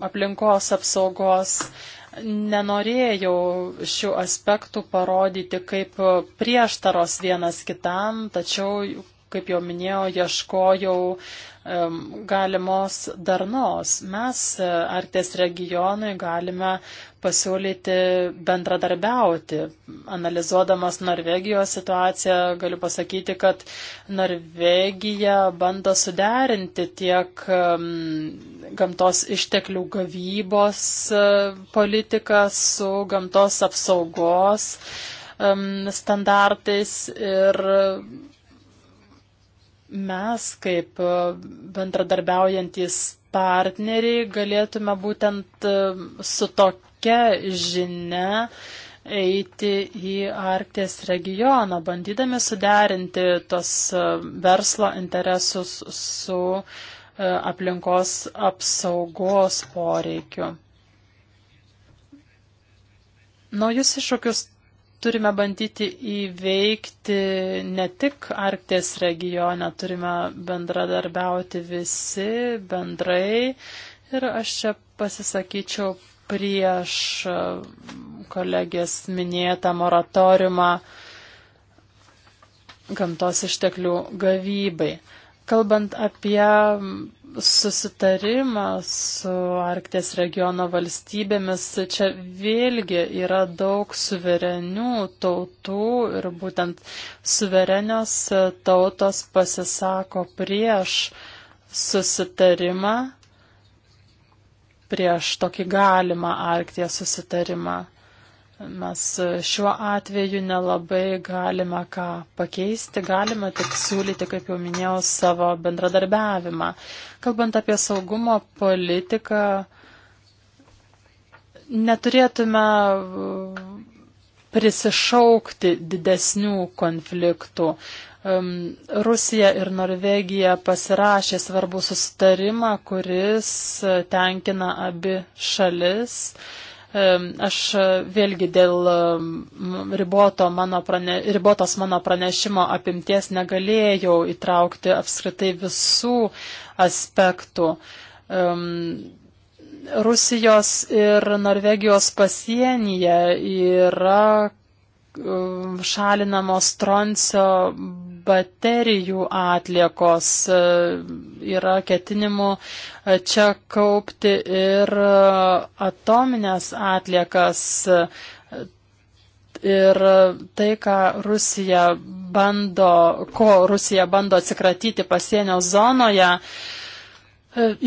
aplinkos apsaugos. Nenorėjau šių aspektų parodyti kaip prieštaros vienas kitam, tačiau, kaip jau minėjau, ieškojau galimos darnos. Mes e, artės regionui galime pasiūlyti bendradarbiauti. Analizuodamas Norvegijos situaciją, galiu pasakyti, kad Norvegija bando suderinti tiek gamtos išteklių gavybos e, politiką su gamtos apsaugos standartais ir mes kaip e, bendradarbiaujantis partneriai galėtume būtent e, su tokia žinia eiti į Arkties regioną, bandydami suderinti tos e, verslo interesus su aplinkos apsaugos poreikiu. Naujus iššūkius turime bandyti įveikti ne tik Arkties regione, turime bendradarbiauti visi bendrai. Ir aš čia pasisakyčiau prieš e, kolegės minėtą moratoriumą gamtos išteklių gavybai. Kalbant apie susitarimas su Arkties regiono valstybėmis, čia vėlgi yra daug suverenių tautų ir būtent suverenios tautos pasisako prieš susitarimą, prieš tokį galimą Arkties susitarimą. Mes šiuo atveju nelabai galime ką pakeisti, galime tik siūlyti, kaip jau minėjau, savo bendradarbiavimą. Kalbant apie saugumo politiką, neturėtume prisišaukti didesnių konfliktų. Rusija ir Norvegija pasirašė svarbų susitarimą, kuris tenkina abi šalis. Aš e, vėlgi dėl riboto mano prane, ribotos mano pranešimo apimties negalėjau įtraukti apskritai visų aspektų. Rusijos ir Norvegijos pasienyje yra šalinamos stroncio baterijų atliekos. Yra ketinimų čia kaupti ir atominės atliekas. Ir tai, ką Rusija bando, ko Rusija bando atsikratyti pasienio zonoje,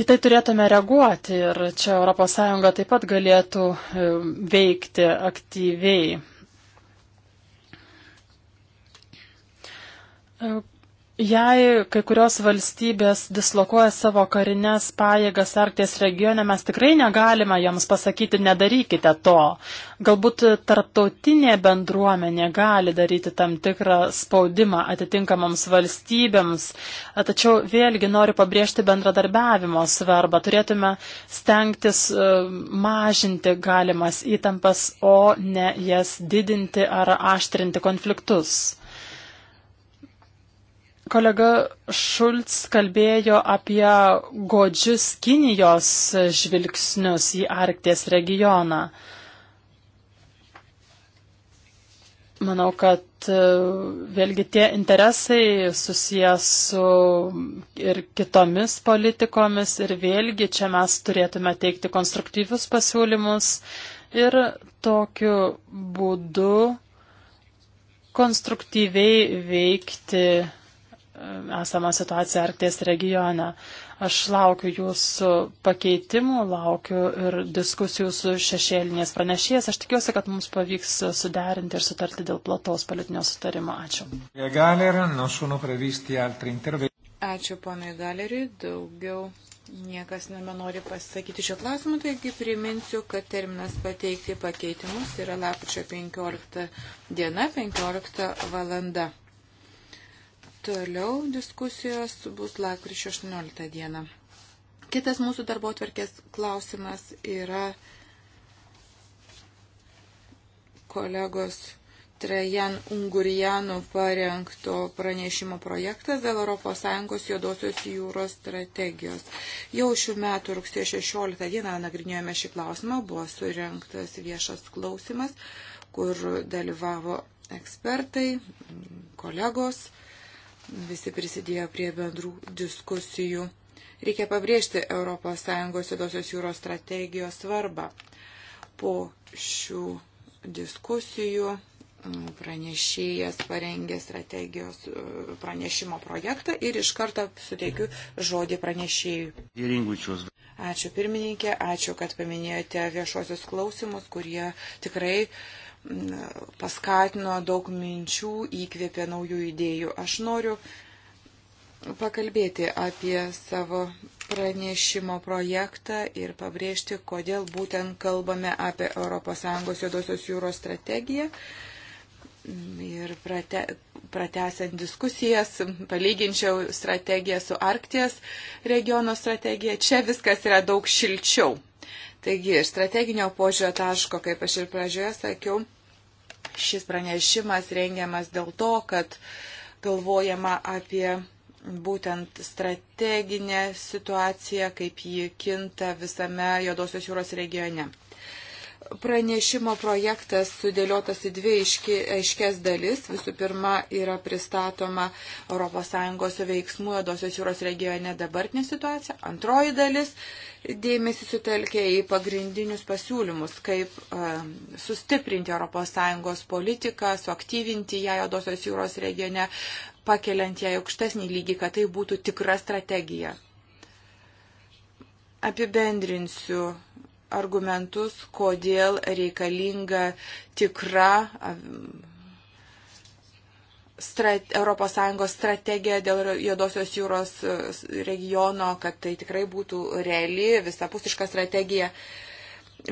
į tai turėtume reaguoti ir čia ES taip pat galėtų veikti aktyviai. Jei kai kurios valstybės dislokuoja savo karinės pajėgas Arkties regione, mes tikrai negalime joms pasakyti, nedarykite to. Galbūt tarptautinė bendruomenė gali daryti tam tikrą spaudimą atitinkamoms valstybėms, tačiau vėlgi noriu pabrėžti bendradarbiavimo svarbą. Turėtume stengtis e, mažinti galimas įtampas, o ne jas didinti ar aštrinti konfliktus. Kolega Šulc kalbėjo apie godžius Kinijos žvilgsnius į Arkties regioną. Manau, kad e, vėlgi tie interesai susijęs su ir kitomis politikomis ir vėlgi čia mes turėtume teikti konstruktyvius pasiūlymus ir tokiu būdu konstruktyviai veikti esamą situaciją Arkties regione. Aš laukiu jūsų pakeitimų, laukiu ir diskusijų su šešėlinės pranešėjas. Aš tikiuosi, kad mums pavyks suderinti ir sutarti dėl plataus politinio sutarimo. Ačiū. Ačiū, ponai Galeriui. Daugiau Niekas nebenori pasisakyti šio klausimu, taigi priminsiu, kad terminas pateikti pakeitimus yra lapkričio 15 diena, 15 valanda. Toliau diskusijos bus lakryčio 18 dieną. Kitas mūsų darbo atverkės klausimas yra kolegos Trejan Ungurijanų parengto pranešimo projektas dėl ES juodosios jūros strategijos. Jau šių metų rugsėjo 16 dieną nagrinėjome šį klausimą, buvo surinktas viešas klausimas, kur dalyvavo ekspertai, kolegos visi prisidėjo prie bendrų diskusijų. Reikia pabrėžti ES Jodosios jūros strategijos svarbą. Po šių diskusijų mm, pranešėjas parengė strategijos e, pranešimo projektą ir iš karto suteikiu žodį pranešėjui. Ačiū pirmininkė, ačiū, kad paminėjote viešosius klausimus, kurie tikrai uh, paskatino daug minčių, įkvėpė naujų idėjų. Aš noriu pakalbėti apie savo pranešimo projektą ir pabrėžti, kodėl būtent kalbame apie ES juodosios jūros strategiją. Ir prate, pratesiant diskusijas, palyginčiau strategiją su Arkties regiono strategija. Čia viskas yra daug šilčiau. Taigi, strateginio požiūrio taško, kaip aš ir pradžioje sakiau, Šis pranešimas rengiamas dėl to, kad galvojama apie būtent strateginę situaciją, kaip ji kinta visame Jodosios jūros regione. Pranešimo projektas sudėliotas į dvi aiškės dalis. Visų pirma, yra pristatoma ES veiksmų Jodosios jūros regione dabartinė situacija. Antroji dalis dėmesį sutelkia į pagrindinius pasiūlymus, kaip uh, sustiprinti ES politiką, suaktyvinti ją Jodosios jūros regione, pakeliant ją į aukštesnį lygį, kad tai būtų tikra strategija. Apibendrinsiu argumentus, kodėl reikalinga tikra strate, ES strategija dėl Jodosios jūros e, regiono, kad tai tikrai būtų reali, visapusiška strategija.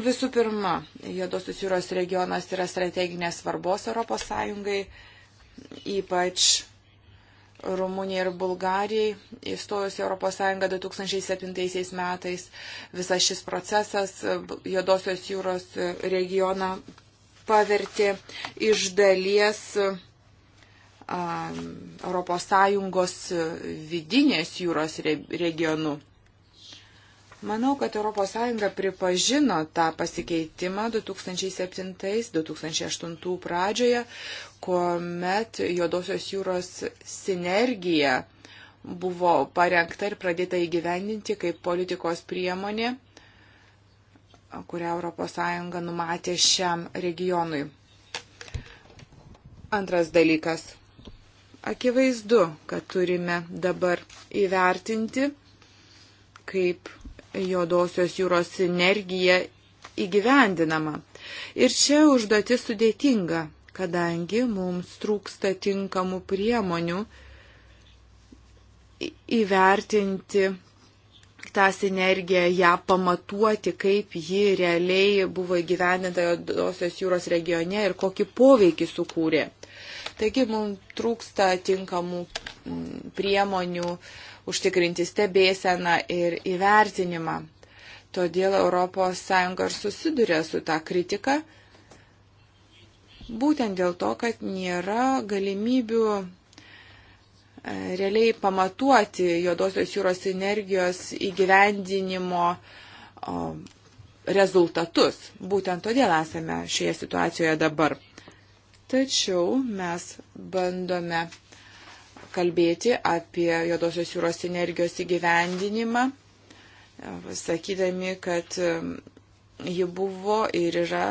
Visų pirma, Jodosios jūros regionas yra strateginės svarbos ES, ypač Rumunijai ir Bulgarijai įstojus Europos Sąjungą 2007 metais. Visas šis procesas Jodosios jūros regioną pavertė iš dalies Europos Sąjungos vidinės jūros regionu. Manau, kad ES pripažino tą pasikeitimą 2007-2008 pradžioje, kuomet Juodosios jūros sinergija buvo parengta ir pradėta įgyvendinti kaip politikos priemonė, kurią ES numatė šiam regionui. Antras dalykas. Akivaizdu, kad turime dabar įvertinti, kaip Jodosios jūros sinergija įgyvendinama. Ir čia užduotis sudėtinga kadangi mums trūksta tinkamų priemonių įvertinti tą sinergiją, ją pamatuoti, kaip ji realiai buvo įgyvendinta Jodosios jūros regione ir kokį poveikį sukūrė. Taigi mums trūksta tinkamų mm, priemonių užtikrinti stebėseną ir įvertinimą. Todėl ES ir susiduria su tą kritiką, būtent dėl to, kad nėra galimybių e, realiai pamatuoti juodosios jūros energijos įgyvendinimo rezultatus. Būtent todėl esame šioje situacijoje dabar. Tačiau mes bandome kalbėti apie juodosios jūros energijos įgyvendinimą, e, sakydami, kad ji buvo ir yra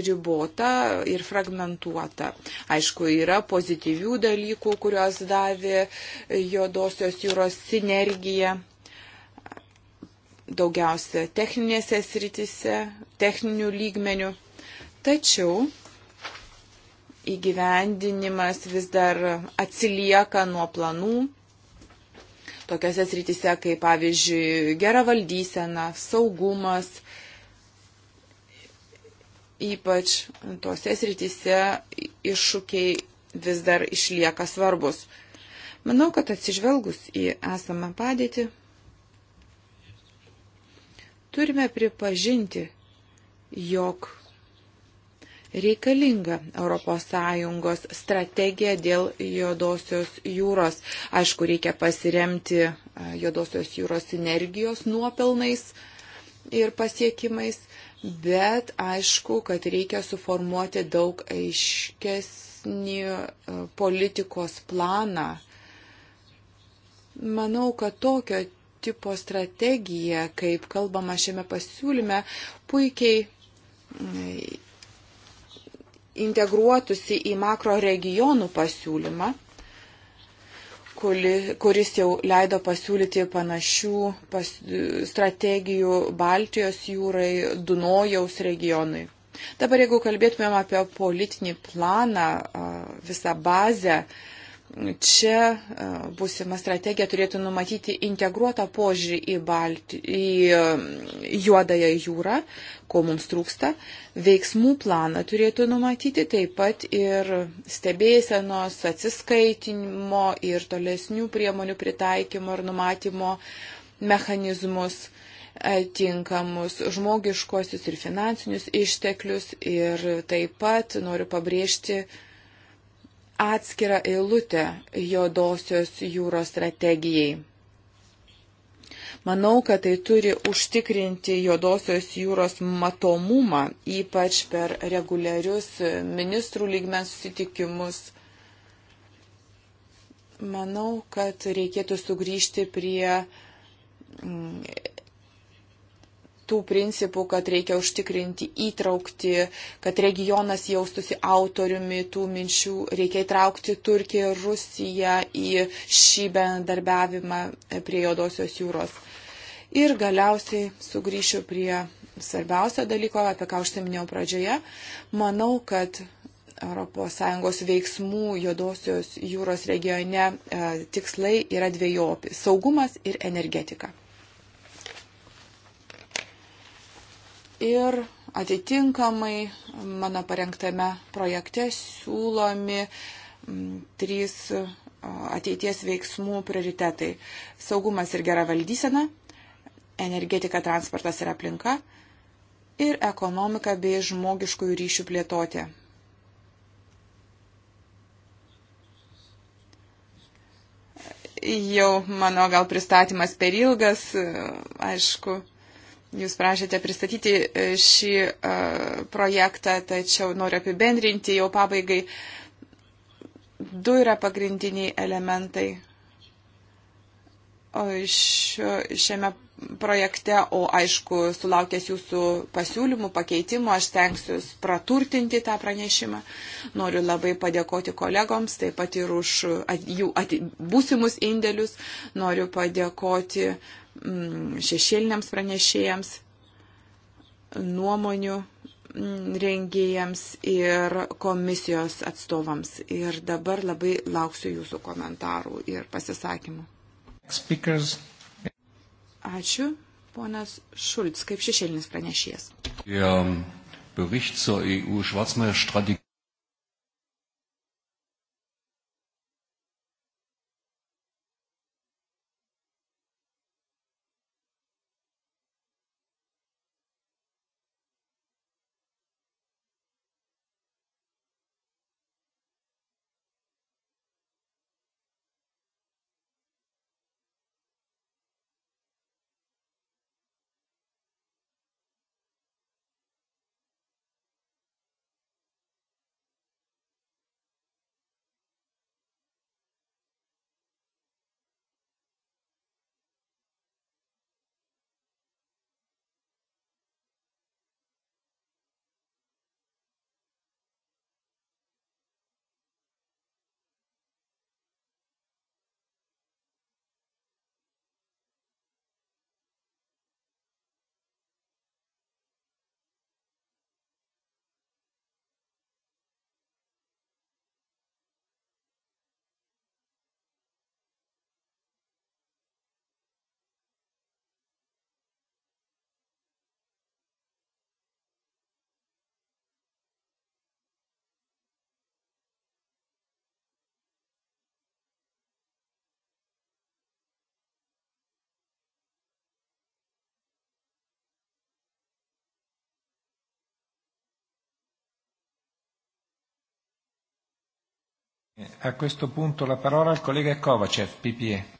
ribota ir fragmentuota. Aišku, yra pozityvių dalykų, kuriuos davė juodosios jūros sinergija. Daugiausia techninėse sritise, techninių lygmenių. Tačiau įgyvendinimas vis dar atsilieka nuo planų. Tokiose sritise kaip, pavyzdžiui, gera valdysena, saugumas, ypač tose srityse iššūkiai vis dar išlieka svarbus. Manau, kad atsižvelgus į esamą padėtį, turime pripažinti, jog reikalinga ES strategija dėl juodosios jūros. Aišku, reikia pasiremti e, juodosios jūros energijos nuopelnais ir pasiekimais, bet aišku, kad reikia suformuoti daug aiškesnį e, politikos planą. Manau, kad tokio tipo strategija, kaip kalbama šiame pasiūlyme, puikiai integruotusi į makro regionų pasiūlymą kuri, kuris jau leido pasiūlyti panašių pas, strategijų Baltijos jūrai, Dunojaus regionui. Dabar jeigu kalbėtumėm apie politinį planą, visą bazę, uh, čia e, būsima strategija turėtų numatyti integruotą požiūrį į, Balti, į e, Juodąją jūrą, ko mums trūksta, veiksmų planą turėtų numatyti taip pat ir stebėsenos, atsiskaitinimo ir tolesnių priemonių pritaikymo ir numatymo mechanizmus e, tinkamus žmogiškosius ir finansinius išteklius ir taip pat noriu pabrėžti atskirą eilutę juodosios jūros strategijai. Manau, kad tai turi užtikrinti juodosios jūros matomumą, ypač per reguliarius ministrų lygmens susitikimus. Manau, kad reikėtų sugrįžti prie mm, tų principų, kad reikia užtikrinti įtraukti, kad regionas jaustusi autoriumi tų minčių, reikia įtraukti Turkiją ir Rusiją į šį bendarbiavimą prie Jodosios jūros. Ir galiausiai sugrįšiu prie svarbiausio dalyko, apie ką užsiminėjau pradžioje. Manau, kad ES veiksmų Jodosios jūros regione e, tikslai yra dviejopi - saugumas ir energetika. ir atitinkamai mano parengtame projekte siūlomi trys ateities veiksmų prioritetai - saugumas ir gera valdysena, energetika, transportas ir aplinka ir ekonomika bei žmogiškųjų ryšių plėtotė. Jau mano gal pristatymas per ilgas, aišku. Jūs prašėte pristatyti e, šį e, projektą, tačiau noriu apibendrinti jau pabaigai. Du yra pagrindiniai elementai šiame projekte, o aišku, sulaukęs jūsų pasiūlymų, pakeitimų, aš stengsiu praturtinti tą pranešimą. Noriu labai padėkoti kolegoms, taip pat ir už jų būsimus indėlius. Noriu padėkoti uh, Mm, šešėliniams pranešėjams, nuomonių mm, rengėjams ir komisijos atstovams. Ir dabar labai lauksiu jūsų komentarų ir pasisakymų. Speakers. Ačiū, ponas Šulc, kaip šešėlinis pranešėjas. Ja. Ähm, Bericht zur EU-Schwarzmeerstrategie. A questo punto la parola al collega Kovacev, PPE.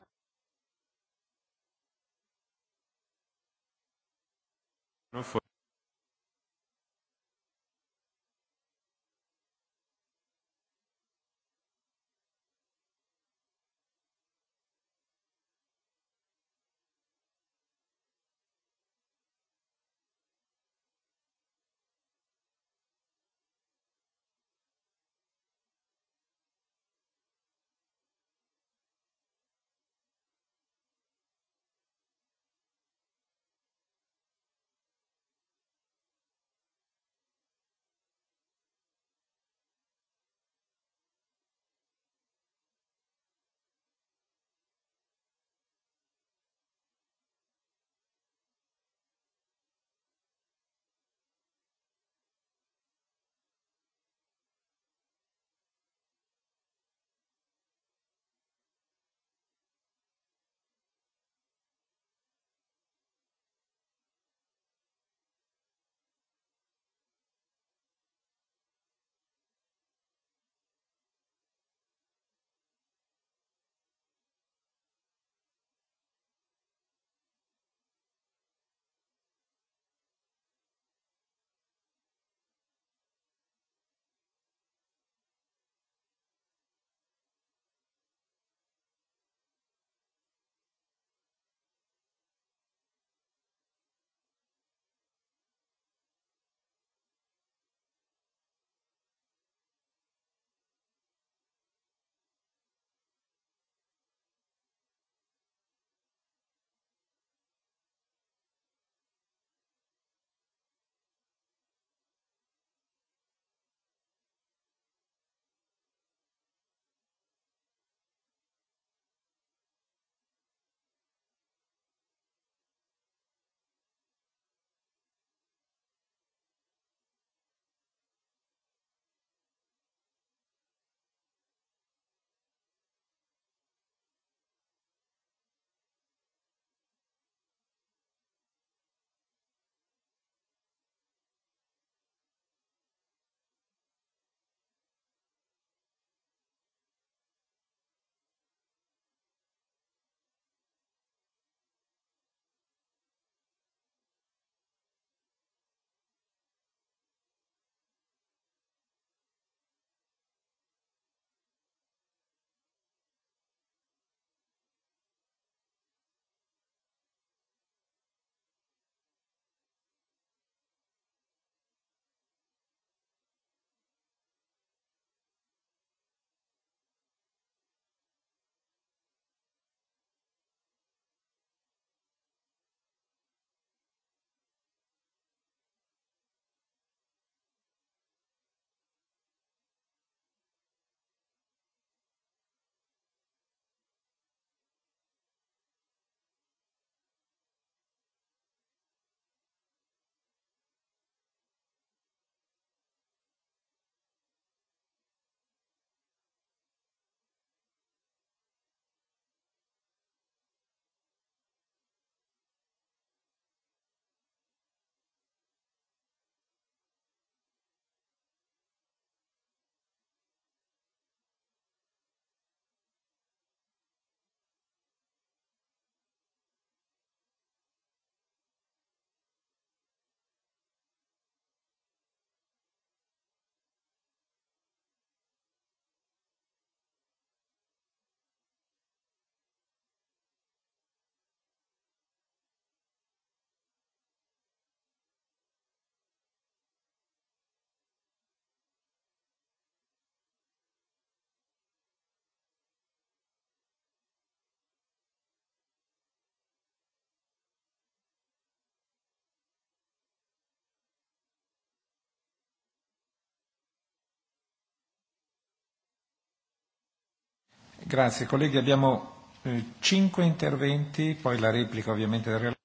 Grazie, colleghi. Abbiamo eh, cinque interventi, poi la replica ovviamente del relatore.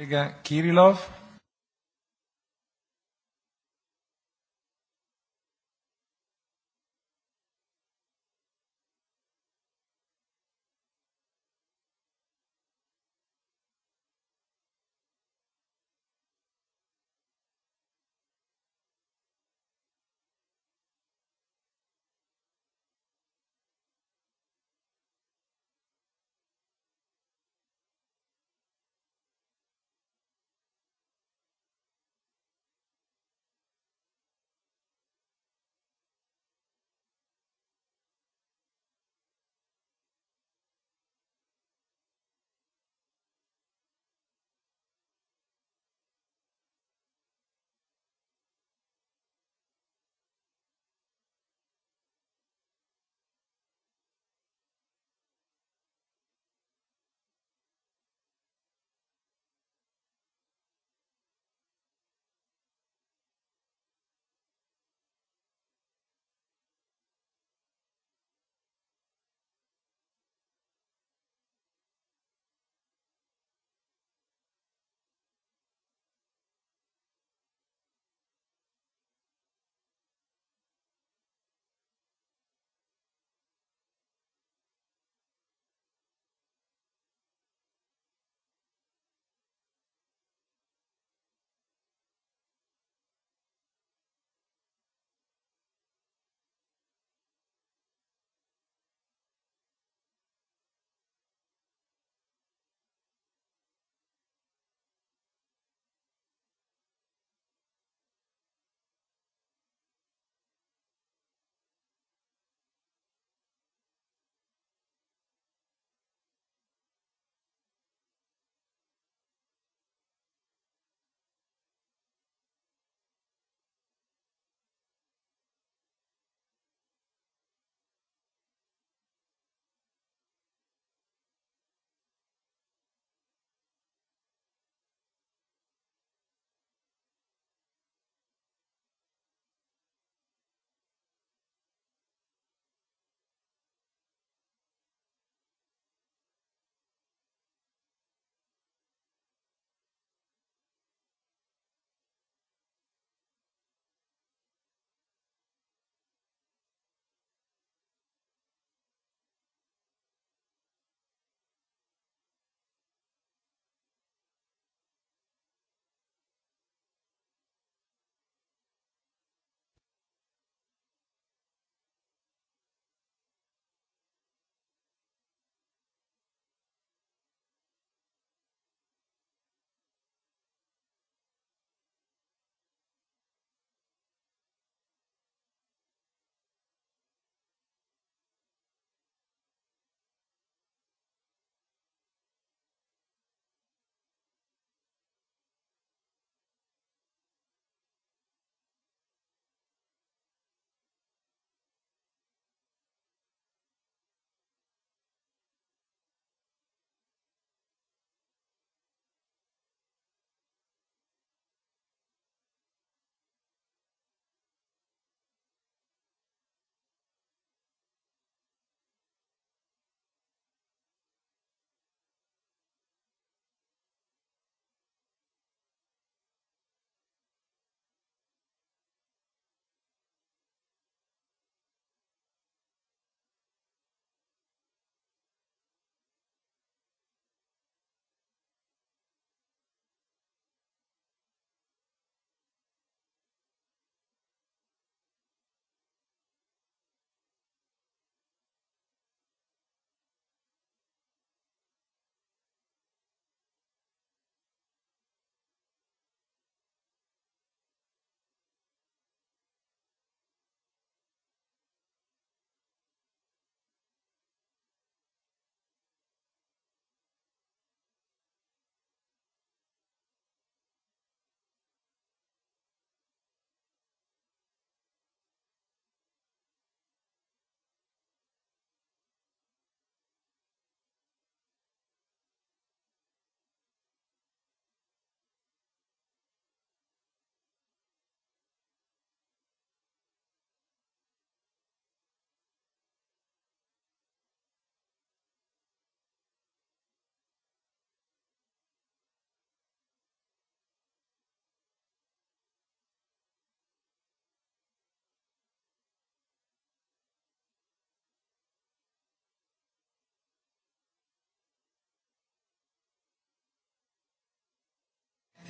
Kolega Kirilov.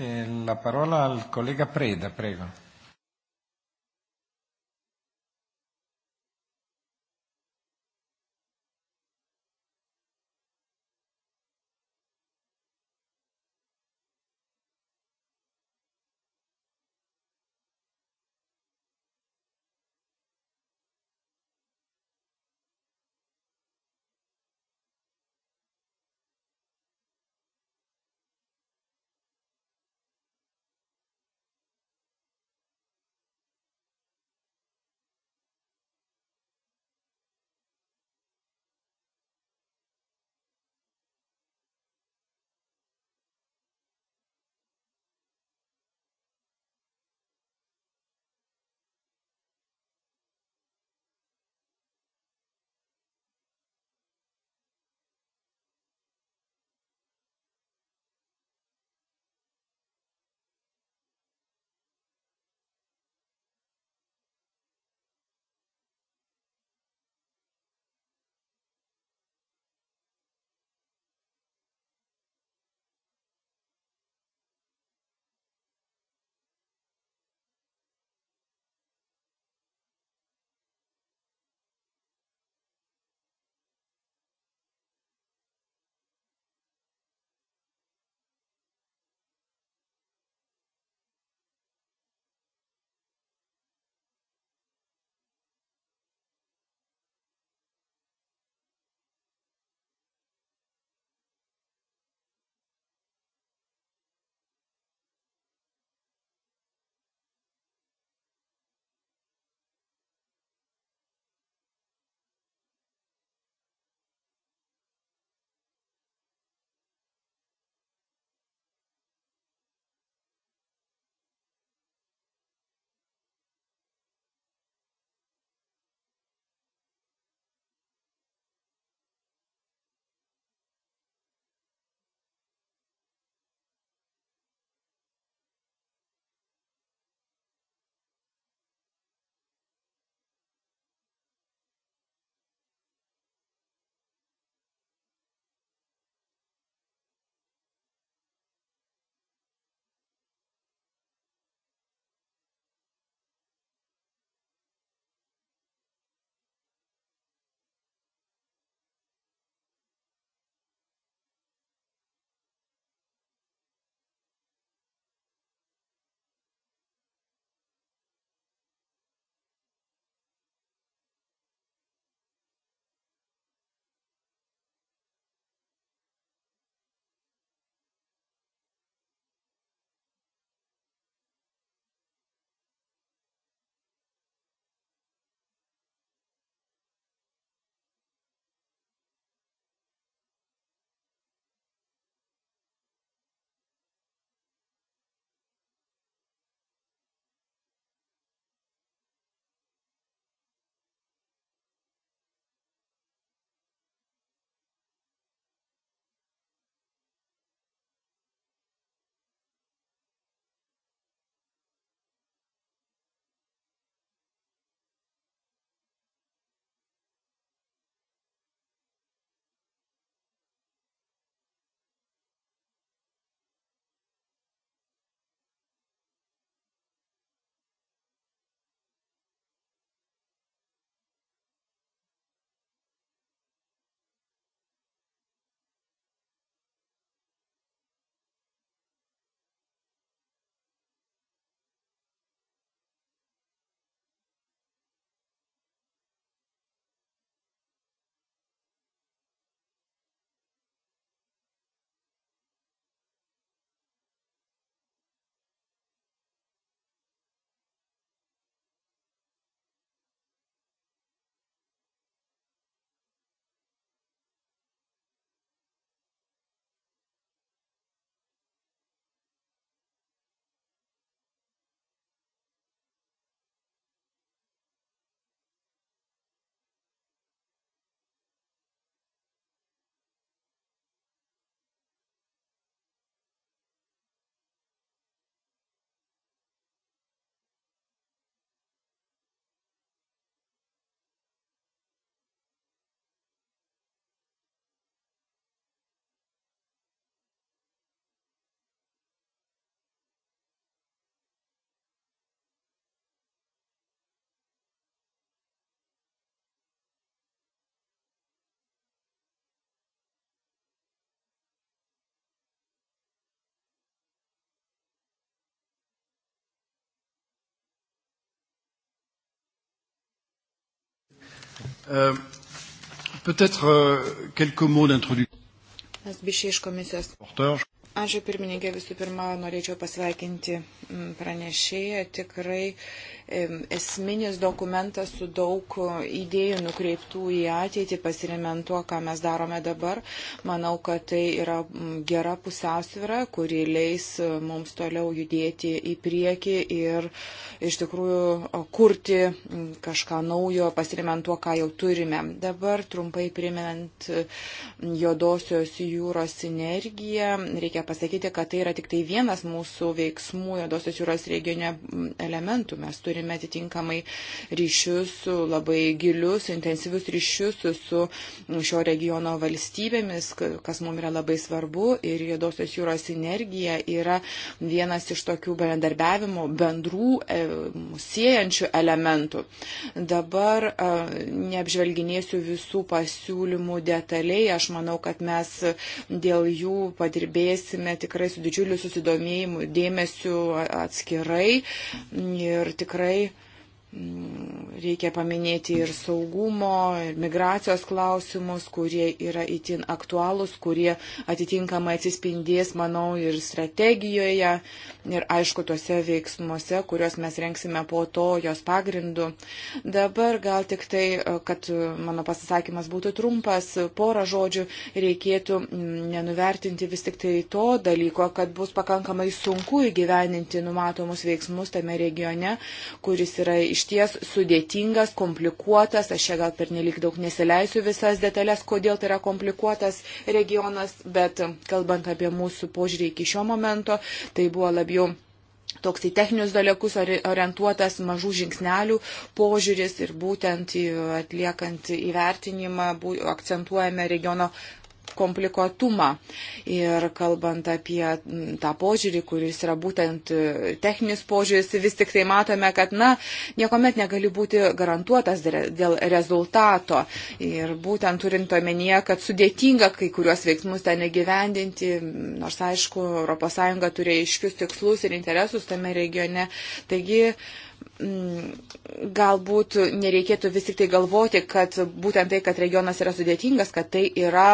Eh, la parola al collega Preda, prego. Uh, Peut-être uh, quelques mots d'introduction. Mes bišė iš komisijos. Ačiū pirmininkė, visų pirma, norėčiau pasveikinti mm, pranešėją. Tikrai esminis dokumentas su daug idėjų nukreiptų į ateitį, pasiremiant tuo, ką mes darome dabar. Manau, kad tai yra mm, gera pusiausvyra, kuri leis mm, mums toliau judėti į priekį ir iš tikrųjų kurti kažką naujo, pasiremiant tuo, ką jau turime. Dabar trumpai priminant juodosios jūros sinergiją, reikia pasakyti, kad tai yra tik tai vienas mūsų veiksmų Jodosios jūros regione elementų. Mes turime atitinkamai ryšius, labai gilius, intensyvius ryšius su šio regiono valstybėmis, kas mums yra labai svarbu. Ir Jodosios jūros energija yra vienas iš tokių bendarbiavimo bendrų e, siejančių elementų. Dabar e, neapžvelginėsiu visų pasiūlymų detaliai. Aš manau, kad mes dėl jų padirbėsime žiūrėsime tikrai su didžiuliu susidomėjimu, dėmesiu atskirai ir tikrai Mm, reikia paminėti ir saugumo, ir migracijos klausimus, kurie yra itin aktualūs, kurie atitinkamai atsispindės, manau, ir strategijoje, ir aišku, tuose veiksmuose, kuriuos mes renksime po to jos pagrindu. Dabar gal tik tai, e, kad mano pasisakymas būtų trumpas, porą žodžių reikėtų mm, nenuvertinti vis tik tai to dalyko, kad bus pakankamai sunku įgyveninti numatomus veiksmus tame regione, kuris yra iš iš ties sudėtingas, komplikuotas, aš čia gal per nelik daug nesileisiu visas detalės, kodėl tai yra komplikuotas regionas, bet kalbant apie mūsų požiūrį iki šio momento, tai buvo labiau toks į techninius dalykus orientuotas mažų žingsnelių požiūris ir būtent atliekant įvertinimą akcentuojame regiono komplikuotumą. Ir kalbant apie tą požiūrį, kuris yra būtent e, techninis požiūris, vis tik tai matome, kad, na, niekuomet negali būti garantuotas dėl rezultato. Ir būtent turint omenyje, kad sudėtinga kai kuriuos veiksmus ten įgyvendinti, nors aišku, ES turi aiškius tikslus ir interesus tame regione. Taigi, Mm, galbūt nereikėtų vis tik tai galvoti, kad būtent tai, kad regionas yra sudėtingas, kad tai yra,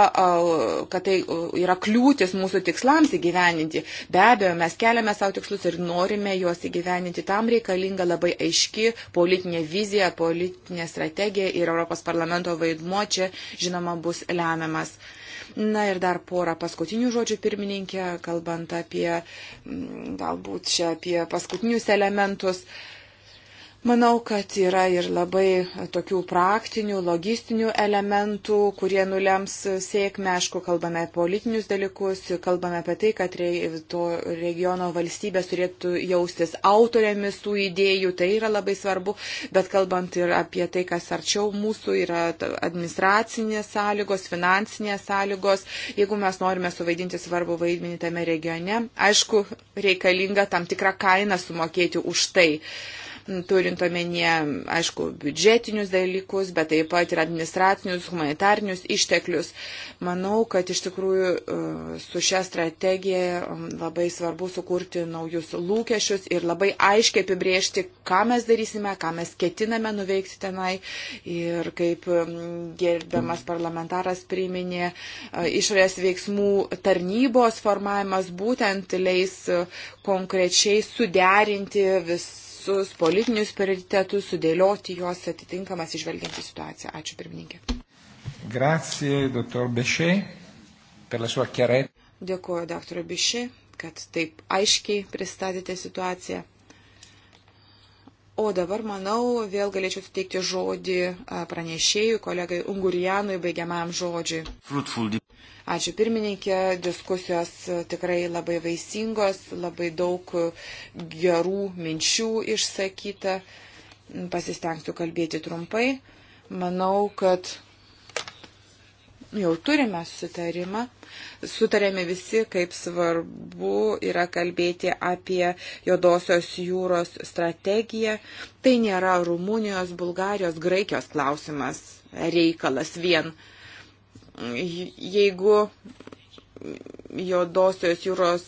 kad tai yra kliūtis mūsų tikslams įgyveninti. Be abejo, mes keliame savo tikslus ir norime juos įgyveninti. Tam reikalinga labai aiški politinė vizija, politinė strategija ir Europos parlamento vaidmuo čia, žinoma, bus lemiamas. Na ir dar porą paskutinių žodžių pirmininkė, kalbant apie mm, galbūt čia apie paskutinius elementus. Uh, Manau, kad yra ir labai e, tokių praktinių, logistinių elementų, kurie nulems sėkmę. Aišku, kalbame apie politinius dalykus, kalbame apie tai, kad re, to regiono valstybės turėtų jaustis autoriamis tų idėjų, tai yra labai svarbu, bet kalbant ir apie tai, kas arčiau mūsų yra administracinės sąlygos, finansinės sąlygos, jeigu mes norime suvaidinti svarbu vaidmenį tame regione, aišku, reikalinga tam tikrą kainą sumokėti už tai. Uh, turint omenyje, aišku, biudžetinius dalykus, bet taip pat ir administracinius, humanitarinius išteklius. Manau, kad iš tikrųjų e, su šia strategija labai svarbu sukurti naujus lūkesčius ir labai aiškiai apibriežti, ką mes darysime, ką mes ketiname nuveikti tenai. Ir kaip gerbiamas parlamentaras priminė, e, išorės veiksmų tarnybos formavimas būtent leis e, konkrečiai suderinti vis visus politinius prioritetus, sudėlioti juos atitinkamas išvelgiant į situaciją. Ačiū, pirmininkė. Grazie, doktor Bešė, per la sua chiarezza. Dėkuoju, doktor Bešė, kad taip aiškiai pristatėte situaciją. O dabar, manau, vėl galėčiau suteikti žodį pranešėjui, kolegai Ungurijanui, baigiamam žodžiui. Fruitful. Ačiū pirmininkė, diskusijos tikrai labai vaisingos, labai daug gerų minčių išsakyta. Pasistengsiu kalbėti trumpai. Manau, kad jau turime sutarimą, sutarėme visi, kaip svarbu yra kalbėti apie Jodosios jūros strategiją. Tai nėra Rumunijos, Bulgarijos, Graikijos klausimas, reikalas vien. Jeigu Jodosios jūros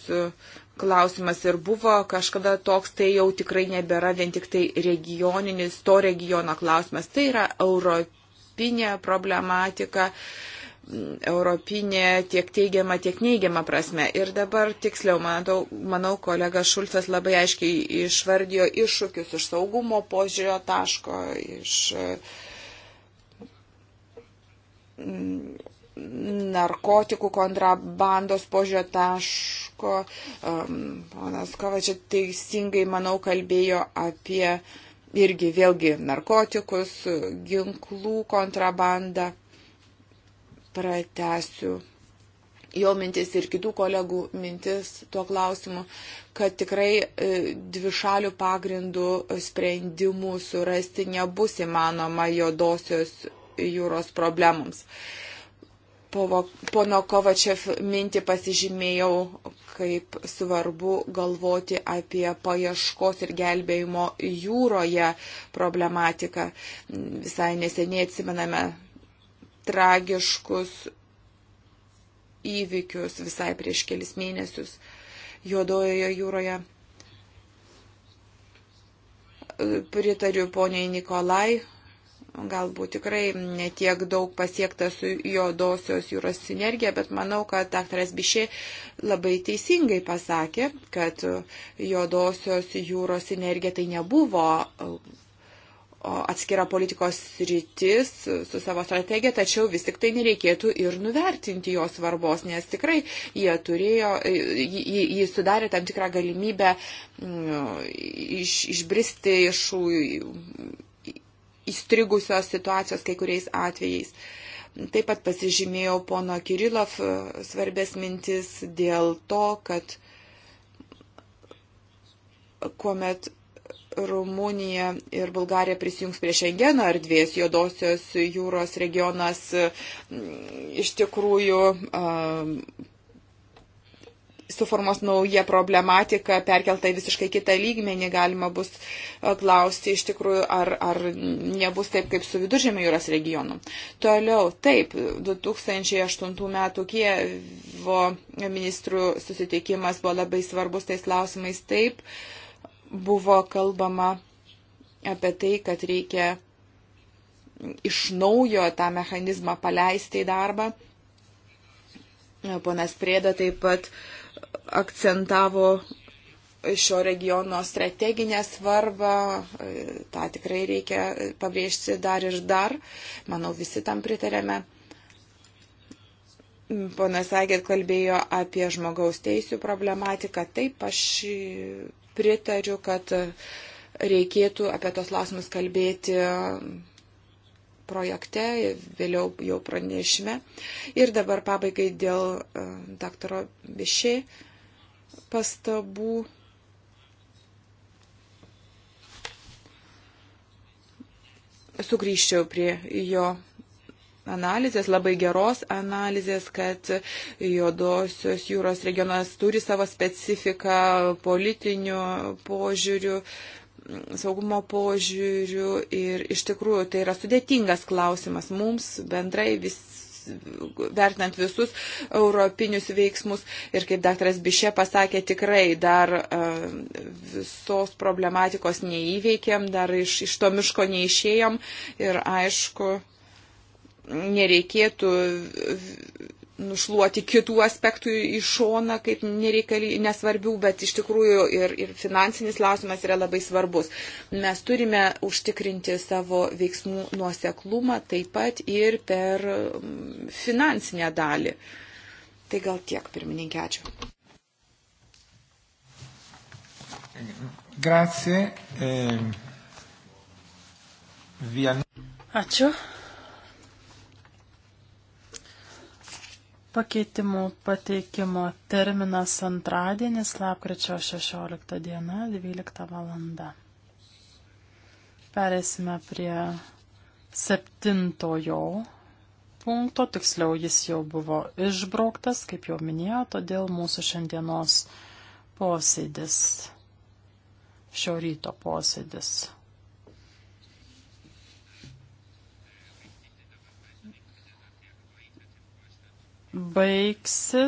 klausimas ir buvo kažkada toks, tai jau tikrai nebėra vien tik tai regioninis to regiono klausimas. Tai yra europinė problematika. Uh, europinė tiek teigiama, tiek neigiama prasme. Ir dabar tiksliau, manau, manau kolega Šulcas labai aiškiai išvardijo iššūkius iš saugumo požiūrio taško, iš mm, narkotikų kontrabandos požiūrio taško. Um, ponas Kovačia teisingai, manau, kalbėjo apie irgi vėlgi narkotikus, ginklų kontrabandą pratesiu jo mintis ir kitų kolegų mintis tuo klausimu, kad tikrai e, dvišalių pagrindų sprendimų surasti nebus įmanoma juodosios jūros problemams. Povo, pono Kovačev mintį pasižymėjau, kaip svarbu galvoti apie paieškos ir gelbėjimo jūroje problematiką. Visai neseniai atsimename tragiškus įvykius visai prieš kelis mėnesius Juodojoje jūroje. Pritariu poniai Nikolai, galbūt tikrai netiek daug pasiekta su juodosios jūros sinergija, bet manau, kad daktaras Bišė labai teisingai pasakė, kad juodosios jūros sinergija tai nebuvo atskira politikos rytis su savo strategija, tačiau vis tik tai nereikėtų ir nuvertinti jos svarbos, nes tikrai jie turėjo, jį, e, jį sudarė tam tikrą galimybę mm, iš, išbristi iš įstrigusios situacijos kai kuriais atvejais. Taip pat pasižymėjau pono Kirilov e, svarbės mintis dėl to, kad kuomet Rumunija ir Bulgarija prisijungs prie Šengeno erdvės, juodosios jūros regionas mm, iš tikrųjų suformos nauja problematika, perkelta į visiškai kitą lygmenį, galima bus klausti iš tikrųjų, ar, ar nebus taip kaip su viduržėmio jūros regionu. Toliau, taip, 2008 metų Kievo ministrų susitikimas buvo labai svarbus tais klausimais, taip. Uh, buvo kalbama apie tai, kad reikia iš naujo tą mechanizmą paleisti į darbą. Ponas Prėda taip pat akcentavo šio regiono strateginę svarbą, tą tikrai reikia pabrėžti dar ir dar, manau visi tam pritarėme. Ponas Agėt kalbėjo apie žmogaus teisų problematiką, taip aš pritariu, kad reikėtų apie tos lausimus kalbėti projekte, vėliau jau pranešime. Ir dabar pabaigai dėl e, daktaro Bišė pastabų. Sugryžčiau prie jo analizės, labai geros analizės, kad juodosios jūros regionas turi savo specifiką politinių požiūrių saugumo požiūrių ir iš tikrųjų tai yra sudėtingas klausimas mums bendrai vis, vertinant visus europinius veiksmus. Ir kaip daktaras Bišė pasakė, tikrai dar e, visos problematikos neįveikėm, dar iš, iš to miško neišėjom. Ir aišku, nereikėtų nušluoti kitų aspektų į šoną kaip nereikali, nesvarbių, bet iš tikrųjų ir, ir finansinis klausimas yra labai svarbus. Mes turime užtikrinti savo veiksmų nuoseklumą taip pat ir per finansinę dalį. Tai gal tiek, pirmininkė, ačiū. Grazie. Eh, via... Ačiū. Pakeitimų pateikimo terminas antradienis, lapkričio 16 diena, 12 valanda. Perėsime prie septintojo punkto, tiksliau jis jau buvo išbrauktas, kaip jau minėjau, todėl mūsų šiandienos posėdis, šio ryto posėdis baigsi